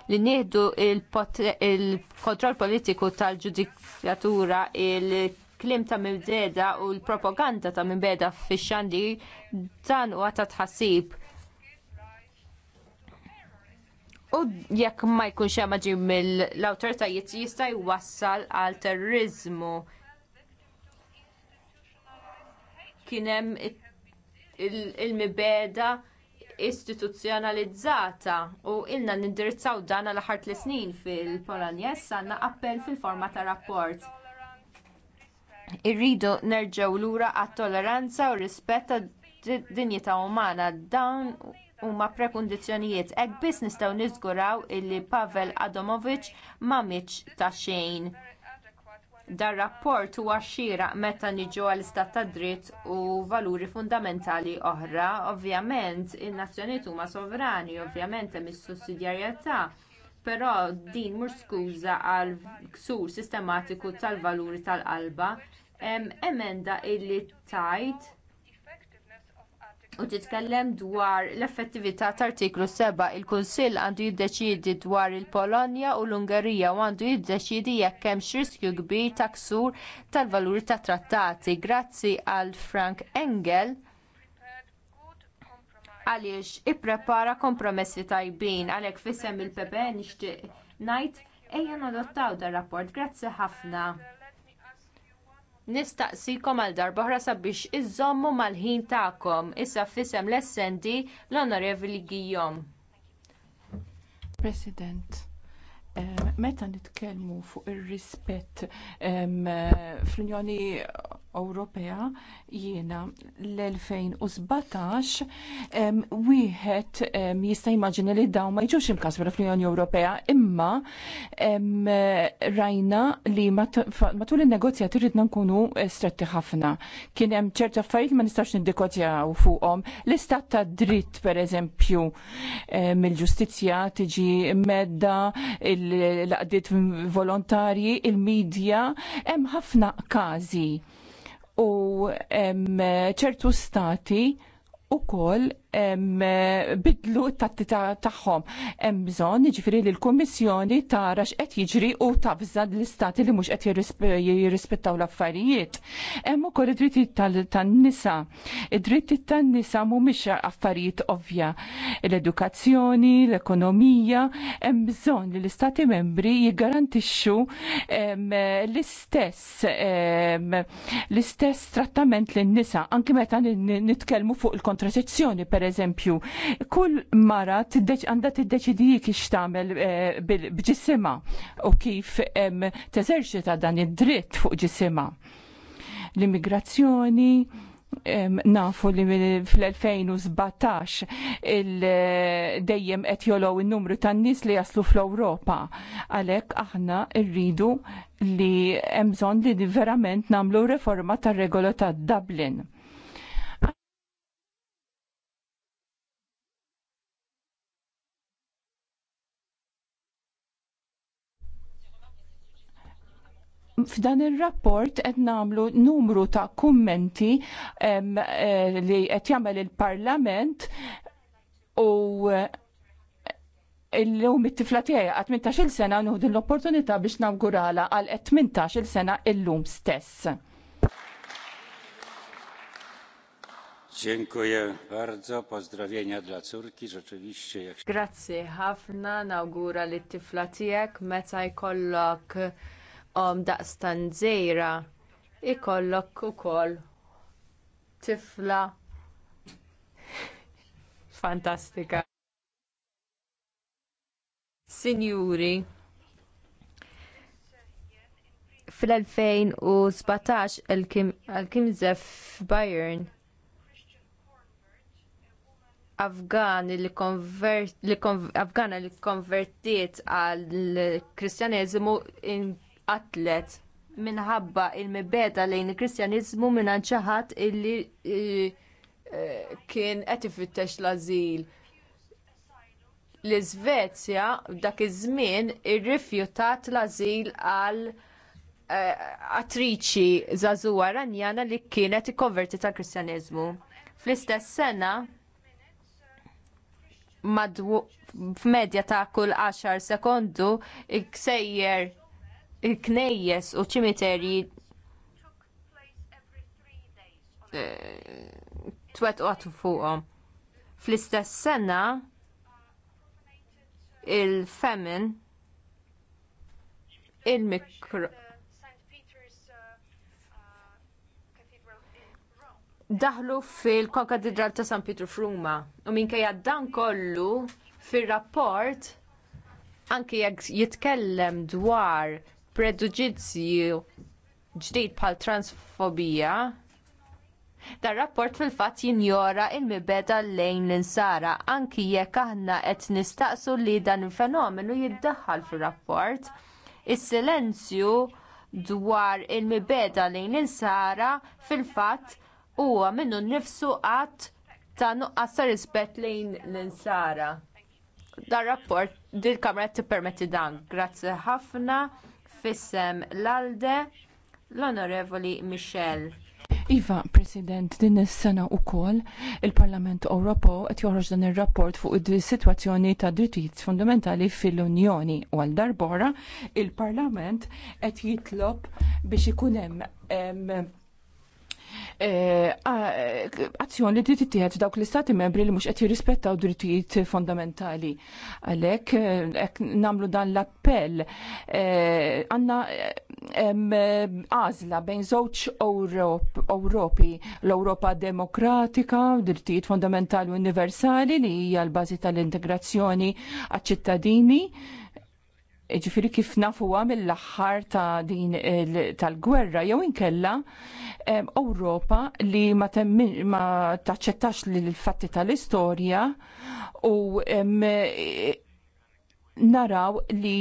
li nieħdu il-kontroll politiku tal-ġudikatura il il-klim ta' mibdeda u l-propaganda ta' mibdeda fix-xandi dan huwa ta' tħassib. U jekk ma jkunx hemm ġim mill-awtoritajiet jista' jwassal għal terrorizmu. Kien hemm il-mibeda istituzzjonalizzata u ilna nindirizzaw dan għal ħart l snin fil-Polonja għandna appell fil-forma ta' rapport irridu nerġgħu lura għat-tolleranza u rispett tad-dinjità umana dawn huma prekundizzjonijiet hekk biss nistgħu niżguraw illi Pavel Adamovic m'għamilx ta' xejn. Dar rapport huwa xieraq meta niġu għall istat ta' dritt u valuri fundamentali oħra, ovvjament in-nazzjonijiet huma sovrani, ovvjament hemm is-sussidjarjetà però din mhux skuża għal ksur sistematiku tal-valuri tal-qalba hemm emenda li tgħid u titkellem dwar l-effettività ta' artiklu 7 il-kunsill għandu jiddeċiedi dwar il-Polonja u l-Ungerija u għandu jiddeċiedi jekk hemm riskju kbir ta' ksur tal-valuri tat trattati. Grazzi għal Frank Engel għaliex ipprepara kompromessi tajbin għalhekk fissem il-PPE nixtieq ngħid ejja nadottaw dar rapport. Grazzi ħafna. Nistaqsikom għal darbohra sabiex iżommu mal-ħin tagħkom. Issa fissem l-essendi l-Onorevoli Gijom. President, eh, meta nitkellmu fuq ir-rispett eh, fl-Unjoni Ewropea jiena l-2017 wieħed jista' jimmaġina li dawn ma jiġux imkasbra fl-Unjoni Ewropea imma rajna li matul in-negozjat irridna nkunu eh, stretti ħafna. Kien hemm ċerta affarijiet ma nistax niddikotjaw fuqhom. L-istat ta' dritt pereżempju mill-ġustizzja tiġi medda l-laqdiet volontarji, il-medja, hemm ħafna każi u ċertu stati u koll bidlu tat-tita tagħhom. Hemm bżonn jiġifieri li l-Kummissjoni tara x'qed jiġri u tabża l-istati li mhux qed jirrispettaw l-affarijiet. Hemm ukoll id dritti tan-nisa. id dritti tan-nisa mhumiex affarijiet ovvja. L-edukazzjoni, l-ekonomija, hemm bżonn li l-istati membri jiggarantixxu l-istess l-istess trattament lin-nisa anke meta nitkellmu fuq il-kontrasezzjoni per pereżempju, kull mara għandha tiddeċidi kif tagħmel eh, bġisimha u kif teżerċita dan id-dritt fuq ġisimha. L-immigrazzjoni nafu li fl-2017 il-dejjem eh, qed il in-numru tan-nies li jaslu fl-Ewropa. Għalhekk aħna rridu li hemm bżonn li verament nagħmlu reforma tar-regola ta' Dublin F'dan il rapport qed nagħmlu numru ta' kummenti eh, li qed jagħmel il-Parlament u eh, illum it-tifla tiegħi għat 18-il sena nuħdu l-opportunità biex nawgurala għal 18-il sena illum stess. Dziękuję bardzo, pozdrowienia dla córki, rzeczywiście. Jak... Grazie, Hafna, naugura li t-tifla tiegħek meta jkollok om daqstan żgħira ikollok ukoll tifla fantastika. Sinjuri, fil-2017 għal-kim zef Bayern Afgan li Afgana li konvertiet għal kristjaneżmu Atlet minħabba il-mibeda lejn il-Kristjaniżmu mingħand xi ħadd illi e, e, kien qed ifittex l-ażil. L-Iżvezja f'dak iż-żmien irrifjutat l-ażil għal e, attriċi żagħżugħa Ranjana li kienet ikkonverti tal kristjaniżmu Fl-istess sena f'medja ta' kull 10 sekondu iksejjer il-knejjes u ċimiterji eh, twet fuqhom. Fl-istess sena il-femin il-mikro daħlu fil-Konkatedral ta' San Pietro f'Ruma u minkejja dan kollu fir-rapport anke jekk jitkellem dwar preġudizzju ġdid bħal transfobija Dar rapport fil-fatt jinjora l mibeda lejn l-insara anki jekk aħna qed nistaqsu li dan il-fenomenu jiddaħħal fir-rapport. Is-silenzju dwar il-mibeda lejn l-insara fil-fatt huwa minnu nnifsu qatt ta' nuqqas ta' rispett lejn l-insara. Dar rapport dil-kamra tippermetti dan. Grazzi ħafna fissem l-alde l-onorevoli Michel. Iva, President, din is-sena wkoll il-Parlament Ewropew qed joħroġ dan ir-rapport fuq is-sitwazzjoni ta' drittijiet fundamentali fil-Unjoni u għal darbora il-Parlament qed jitlob biex ikun hemm Eh, azzjoni li trid tittieħed dawk l-istati membri li mhux qed jirrispettaw drittijiet fondamentali. Għalhekk eh, hekk nagħmlu dan l-appell eh, għandna għażla bejn żewġ Ewropi, l-Ewropa demokratika, drittijiet fondamentali universali li hija l-bażi tal-integrazzjoni għal ċittadini ġifiri kif nafuwa mill-axħar ta' din tal-gwerra, jew inkella Ewropa li ma, taċċettax li l-fatti tal-istorja u naraw li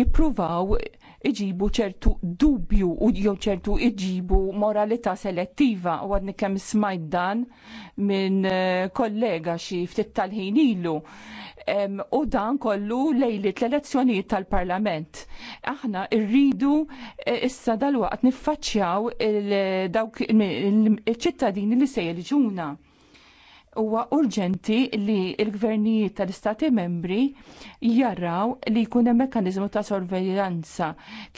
jippruvaw iġibu ċertu dubju u jew ċertu iġibu moralità selettiva u għadni kemm smajt dan minn kollega xi ftit tal-ħin ilu. Um, u dan kollu lejlit l-elezzjonijiet tal-Parlament. Aħna rridu issa dal-waqt niffaċċjaw il-ċittadini il il li se jelġuna huwa urġenti li l-gvernijiet tal-istati membri jarraw li jkun hemm mekkaniżmu ta' sorveljanza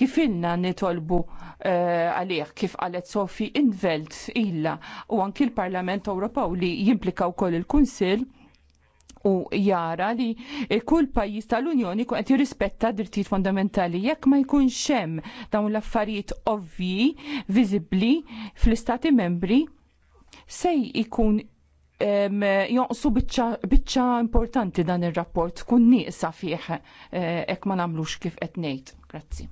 kif ilna nitolbu eh, għalih uh, kif qalet Sofi Invelt illa u anki l-Parlament Ewropew li jimplika wkoll il-Kunsill u jara li kull pajjiż tal-Unjoni kun qed jirrispetta drittijiet fondamentali jekk ma jkunx hemm dawn l-affarijiet ovvji viżibbli fl-istati membri sej ikun jonqsu biċċa importanti dan ir-rapport kun niqsa fih hekk eh, ma nagħmlux kif qed ngħid. Grazzi.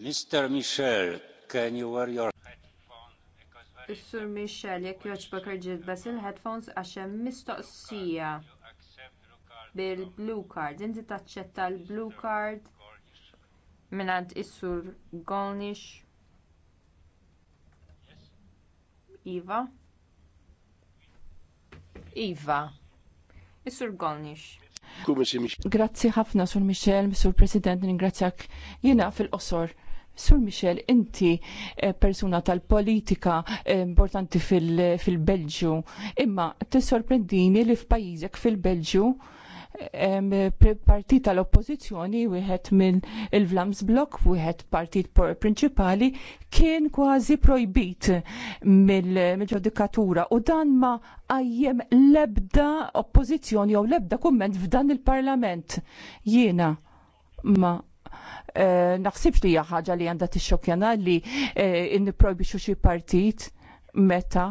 Mr. Michel, can you wear your Is-Sur Michel, jekk joġbok irġiet bas il-headphones għax hemm mistoqsija bil-blue card. Inti taċċetta l-blue card minnant is-Sur Golnish. Iva. Iva. Is-Sur Golnix. Grazzi ħafna, Sur Michel, Sur President, ningrazzjak jena fil-qosor. Sur Michel, inti eh, persuna tal-politika eh, importanti fil-Belġu, imma t-sorprendini li f'pajjiżek fil-Belġu partit tal-oppozizjoni, wieħed minn il-Vlams Blok, wieħed partit prinċipali, kien kważi projbit mill-ġudikatura u dan ma għajjem lebda oppozizjoni jew lebda kumment f'dan il-parlament. Jiena ma eh, naħsibx li hija ħaġa li għandha tixxokjana li eh, nipprojbixu xi partit meta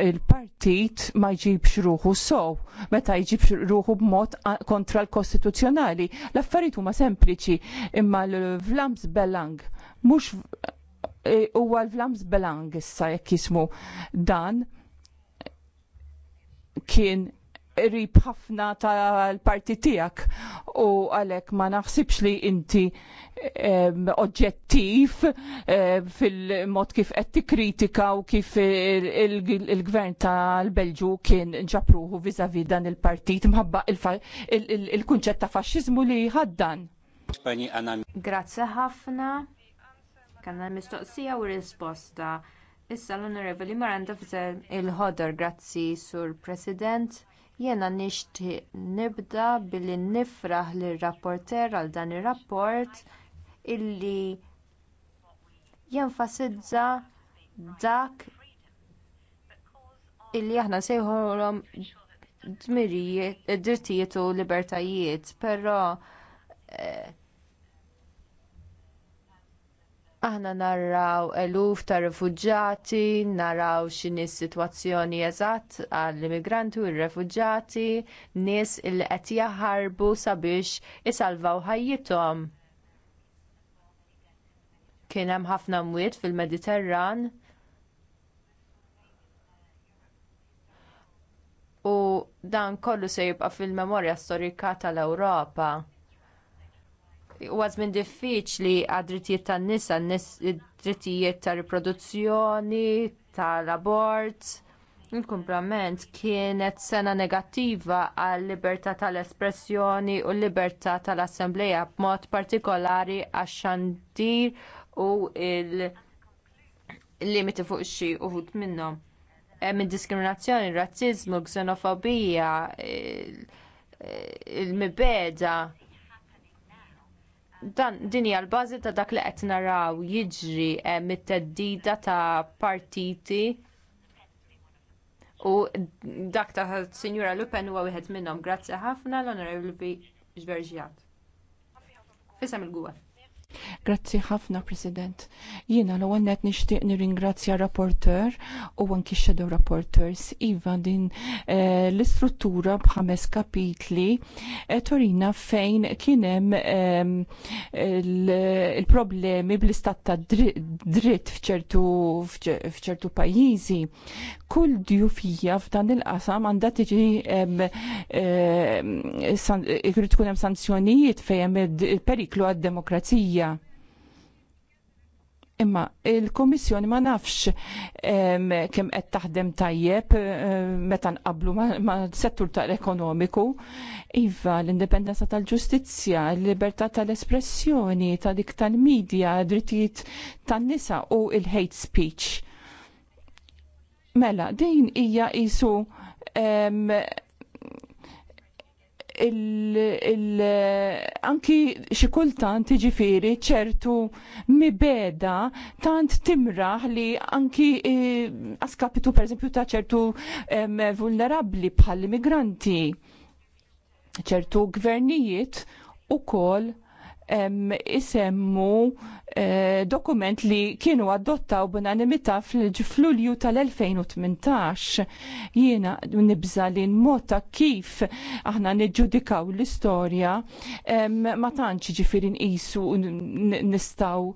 il-partit ma jġibx ruħu sow, meta jġibx ruħu b'mod kontra l-kostituzzjonali. L-affarijiet huma sempliċi, imma l-vlams belang, mhux e, huwa l-vlams belang issa jekk jismu dan kien rib ħafna tal-parti tiegħek u għalhekk ma naħsibx li inti oġġettiv fil-mod kif qed tikkritika u kif il-gvern tal-Belġu kien ġapruħu viżavi dan il-partit mħabba il-kunċett ta' faxxiżmu li ħaddan. Grazzi ħafna. Kanna mistoqsija u risposta. Issa l-Onorevoli Maranda Fizel il-ħodor, grazzi sur President. Jiena nixtieq nibda billi nifraħ lir rapporter għal dan ir-rapport illi jenfasizza dak illi aħna nsejħulhom drittijiet u libertajiet, però eh, aħna narraw eluf ta' rifuġġati, naraw x'inhi s-sitwazzjoni eżatt għall-immigranti u r-refuġġati, nies li qed jaħarbu sabiex isalvaw ħajjithom kien hemm ħafna mwiet fil-Mediterran. U dan kollu se jibqa' fil-memorja storika tal-Ewropa. Huwa żmien diffiċli għad-drittijiet tan-nisa, drittijiet ta' riproduzzjoni, tal-abort. Il-kumplament kienet sena negattiva għal libertà tal-espressjoni u l libertà tal-assembleja b'mod partikolari għax xandir u il-limiti fuq xi uħud minnhom. Hemm id-diskriminazzjoni, r-razziżmu, xenofobija, il-mibeda. Dan din hija l-bażi ta' dak li qed naraw jiġri hemm it-teddida ta' partiti u dak ta' Sinjura Lupen huwa wieħed minnhom. Grazzi ħafna l-Onorevoli Ġverġjat. Fisem il-gwa. Grazzi ħafna, President. Jiena l għannet nishtiq nir-ingrazzja rapporteur u anki shadow rapporteurs. Iva din eh, l-istruttura bħames kapitli eh, torina fejn kienem eh, il-problemi bl-istat ta' dritt fċertu pajizi. Kull fija f'dan il-qasam għandha tiġi ehm, ehm, irrid tkun hemm sanzjonijiet fejn il-periklu għad-demokrazija Imma il-Komissjoni ma nafx kemm qed taħdem tajjeb meta nqablu ma' settur tal-ekonomiku. Iva l-indipendenza tal-ġustizzja, l-libertà tal-espressjoni, ta' dik tal-medja, drittijiet tan-nisa u il-hate speech. Mela, din hija isu anki xi kultant jiġifieri ċertu mibeda tant timraħ li anki e, askapitu pereżempju ta' ċertu vulnerabbli bħall-immigranti ċertu gvernijiet ukoll isemmu eh, dokument li kienu adottaw b'unanimità fl-Lulju tal-2018. Jiena nibża li n-mota kif aħna niġġudikaw l-istorja ma tantx ġifieri nqisu nistgħu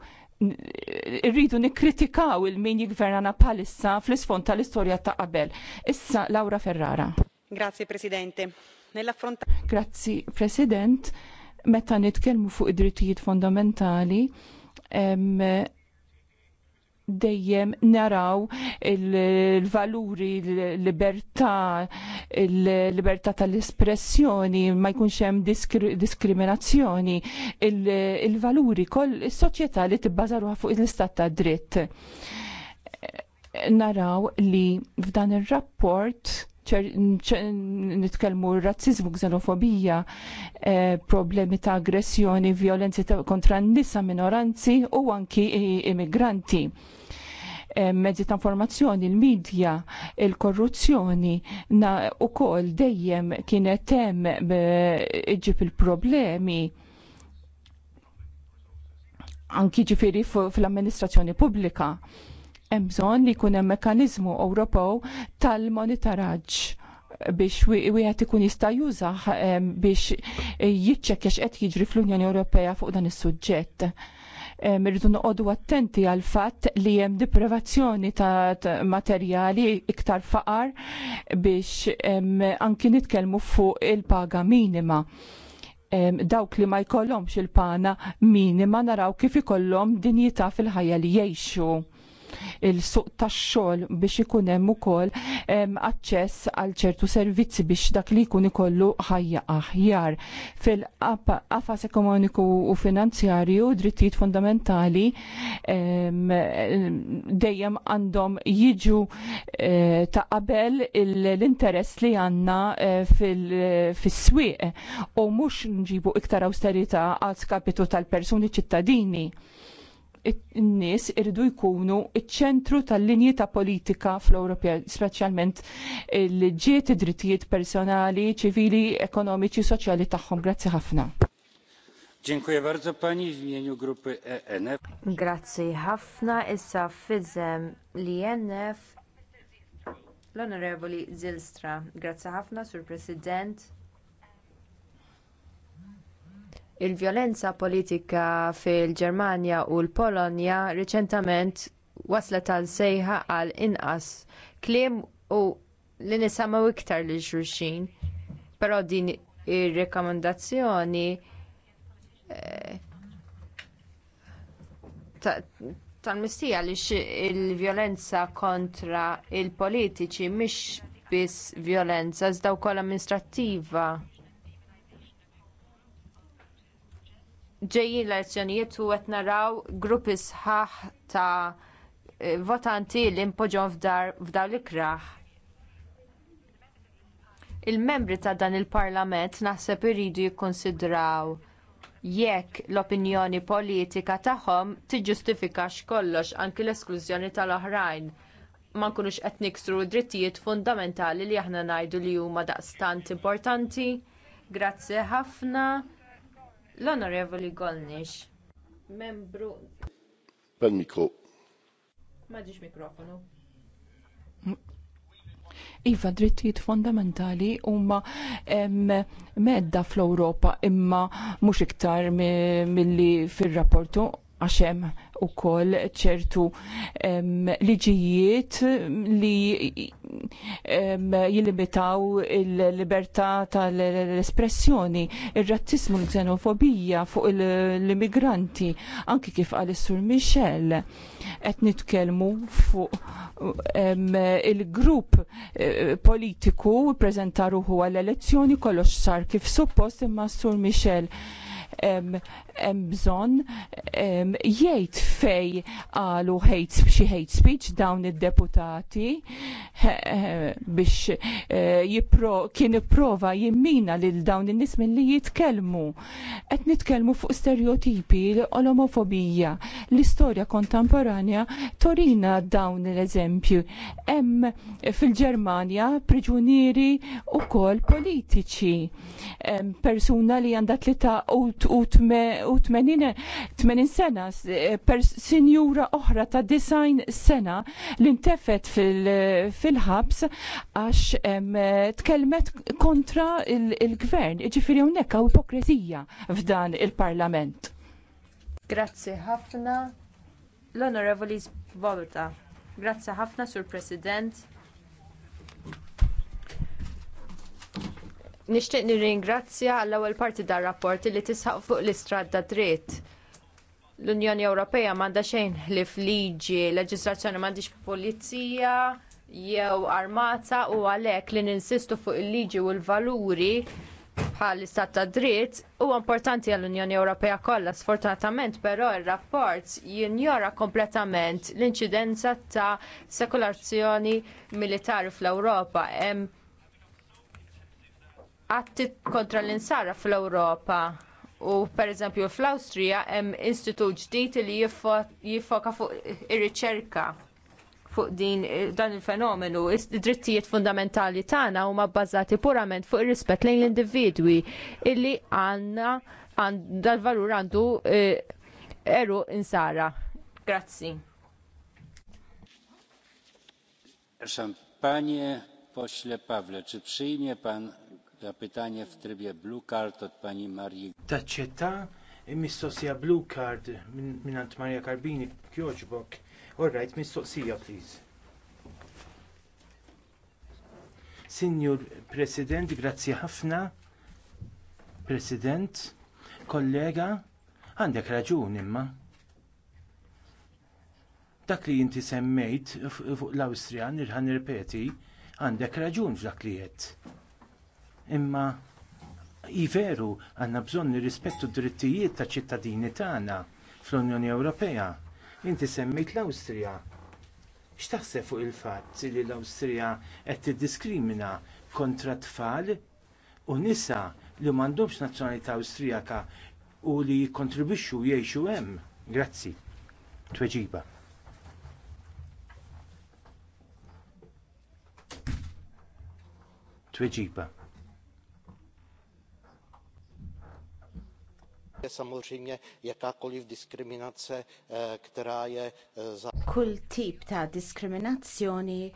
rridu nikkritikaw il-min jigvernana palissa fl-isfond tal-istorja ta' qabel. Issa Laura Ferrara. Grazie Presidente. Grazie President meta nitkellmu fuq id-drittijiet fondamentali dejjem naraw il-valuri, l-libertà, l-libertà tal-espressjoni, ma jkunx hemm diskriminazzjoni, il-valuri koll is-soċjetà li tibbażaruha fuq l-istat ta' dritt. Naraw li f'dan ir-rapport nitkellmu r-razzizmu, xenofobija, eh, problemi ta' aggressjoni, violenzi kontra n-nisa minoranzi u anki immigranti eh, mezzi ta' informazzjoni, il-medja, il-korruzzjoni, u kol dejjem kienet hemm iġib il-problemi anki ġifiri fl-amministrazzjoni pubblika hemm bżonn li jkun hemm mekkaniżmu Ewropew tal-monitoraġġ biex wieħed ikun jista' jużah ehm, biex jiċċekkjax qed jiġri fl-Unjoni Ewropea fuq dan is-suġġett. Ehm, irridu noqogħdu attenti għal fatt li hemm deprivazzjoni ta' materjali iktar faqar biex ehm, anki nitkellmu fuq il-paga minima dawk li ma jkollhomx il-pana minima naraw kif ikollhom dinjità fil-ħajja li jgħixu il-suq tax-xogħol biex ikun hemm ukoll aċċess għal ċertu servizzi biex dak li jkun ikollu ħajja aħjar. Fil-qafas ekonomiku u finanzjarju drittijiet fundamentali dejjem għandhom jiġu eh, ta' qabel l-interess li għandna eh, fis-swieq u mhux nġibu iktar awsterità għal skapitu tal-persuni ċittadini n-nies irridu jkunu ċ ċentru tal-linji ta' politika fl-Ewropja, speċjalment l-ġiet id-drittijiet personali, ċivili, ekonomiċi, soċjali tagħhom. Grazzi ħafna. Dziękuję bardzo pani w imieniu grupy ENF. Grazzi ħafna issa fizzem li ENF l-Onorevoli Zilstra. Grazzi ħafna sur President Il-vjolenza politika fil-Ġermanja u l-Polonja riċentament waslet għal sejħa għal inqas kliem u li nisamaw iktar li xruxin, Però din ir-rekomendazzjoni eh, tal-mistija għaliex li il-vjolenza kontra l il politiċi mhix biss vjolenza iżda wkoll amministrattiva ġejjin l-elezzjonijiet u qed naraw gruppi sħaħ ta' eh, votanti li impoġon f'dawn l kraħ. Il-membri ta' dan il-parlament naħseb iridu jikkonsidraw jekk l-opinjoni politika tagħhom tiġġustifikax kollox anki l-esklużjoni tal-oħrajn ma nkunux qed niksru drittijiet fundamentali li aħna ngħidu li huma daqstant importanti. Grazzi ħafna. L-Onorevoli Golnish. Membru. Ben mikro. Maġiġ mikrofonu. Iva, drittijiet fondamentali huma medda fl-Ewropa imma mhux iktar milli fir-rapportu għax hemm ukoll ċertu liġijiet li jilimitaw il-libertà tal-espressjoni, ir-razzismu l-xenofobija fuq l-immigranti, anki kif għal sur Michel, qed nitkellmu fuq il-grupp eh, politiku preżentaruhu għall-elezzjoni kollox sar kif suppost imma s-Sur Michel hemm bżonn jgħid fej qalu hate xi hate speech dawn id-deputati biex e, kien ipprova jimmina lil dawn in-nies li jitkellmu. Qed nitkellmu fuq stereotipi l-omofobija. L-istorja kontemporanja torina dawn l-eżempju. Hemm fil-Ġermanja priġunieri ukoll politiċi. Persuna li għandha tlita 80 sena eh, per sinjura oħra ta' design sena li ntefet fil-ħabs għax eh, tkellmet kontra il-gvern, iġifiri unnek għaw ipokrizija f'dan il-parlament. Grazzi ħafna l-Onorevoli Svolta. Grazzi ħafna, Sur President Nixtieq nirringrazzja għall ewwel parti dar rapport li tisħaq fuq l ta' dritt. L-Unjoni Ewropea m'għandha xejn ħlif liġi, leġiżlazzjoni m'għandix pulizija jew armata u għalhekk li ninsistu fuq il-liġi u l-valuri bħal istat ta' dritt huwa importanti għall-Unjoni Ewropea kollha. Sfortunatament però ir-rapport jinjora kompletament l-inċidenza ta' sekolazzjoni militari fl-Ewropa. Hemm atti kontra l-insara fl-Ewropa. U pereżempju fl-Awstrija hemm istitut ġdid li jiffoka fuq ir-riċerka fuq din dan il-fenomenu, id-drittijiet fundamentali tagħna huma bbażati purament fuq ir-rispett lejn l-individwi illi għandna dal-valur għandu eh, eru insara. Grazzi. Panie pośle Pawle, czy przyjmie pan blue card od pani Taċċetta mistoqsija blue card minnant Marja Karbini kjoġbok. All right, mistoqsija please. Signor President, grazzi ħafna. President, kollega, għandek raġun imma dak li inti semmejt fuq l-Awstrija nirħan nirpeti għandek raġun f'dak li qed imma i veru għandna bżonn nirrispettu d-drittijiet ta' ċittadini tagħna fl-Unjoni Ewropea. Inti semmejt l-Awstrija. X'taħseb fuq il-fatt li l-Awstrija qed tiddiskrimina kontra tfal u nisa li m'għandhomx nazzjonalità Awstrijaka u li jikkontribwixxu jgħixu hemm. Grazzi. Tweġiba. Tweġiba. Samozřejmě jakákoliv diskriminace, eh, která je eh, za... Kull tip ta' diskriminazzjoni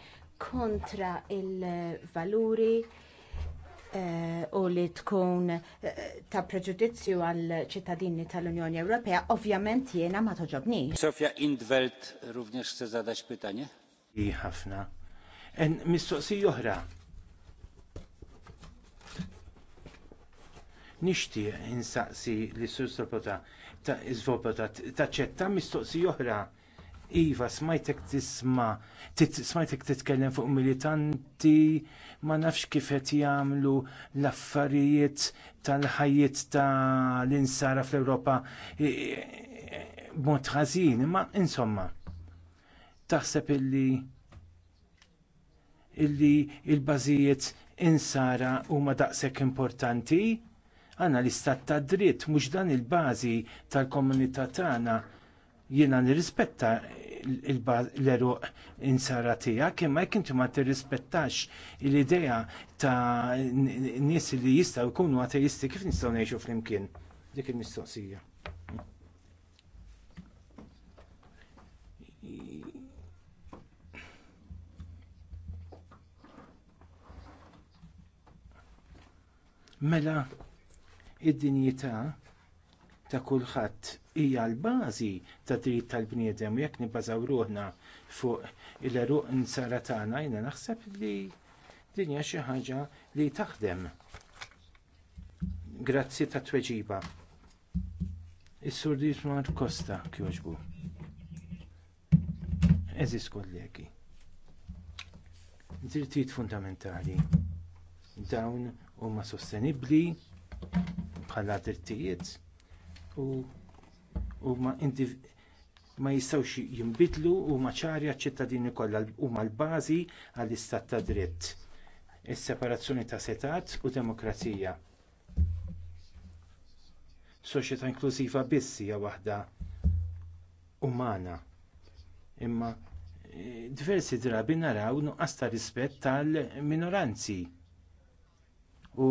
kontra il-valuri eh, u li tkun ta' preġudizzju għal ċittadini tal-Unjoni Ewropea, ovvjament jena ma toġobni. Sofja Indvelt również se zadaċ pytanie. Iħafna. En mistoqsi oħra Nixtieq insaqsi li s-sopota ta' izvopota taċċetta mistoqsi oħra. Iva, smajtek tisma, smajtek titkellem fuq militanti, ma nafx kif qed jagħmlu l-affarijiet tal-ħajjiet tal-insara fl-Ewropa b'mod ħażin, imma insomma, taħseb illi illi il-bażijiet insara huma daqshekk importanti Għanna l-istat ta' dritt, mhux dan il-bażi tal-komunità tagħna jiena nirrispetta l-eruq insara tiegħek, imma jekk inti ma tirrispettax l-idea ta' nies li jistgħu jkunu ateisti kif nistgħu ngħixu flimkien? Dik il-mistoqsija. Mela, id-dinjità ta' kulħadd hija l-bażi ta' dritt tal-bniedem jekk nibbażaw ruħna fuq il-eruq nsara tagħna jiena naħseb li din hija xi ħaġa li taħdem. Grazzi ta' tweġiba. Is-Sur Dismar Costa kjoġbu. Eżis kollegi. Drittijiet fundamentali dawn huma sostenibbli bħala drittijiet u, u ma, ma jistawx jimbidlu u maċari ċittadini kollha huma l-bażi għall-istat ta' dritt. Is-separazzjoni ta' setat u demokrazija. Soċjetà inklużiva biss hija waħda umana. Imma eh, diversi drabi naraw nuqqas ta' rispett tal-minoranzi u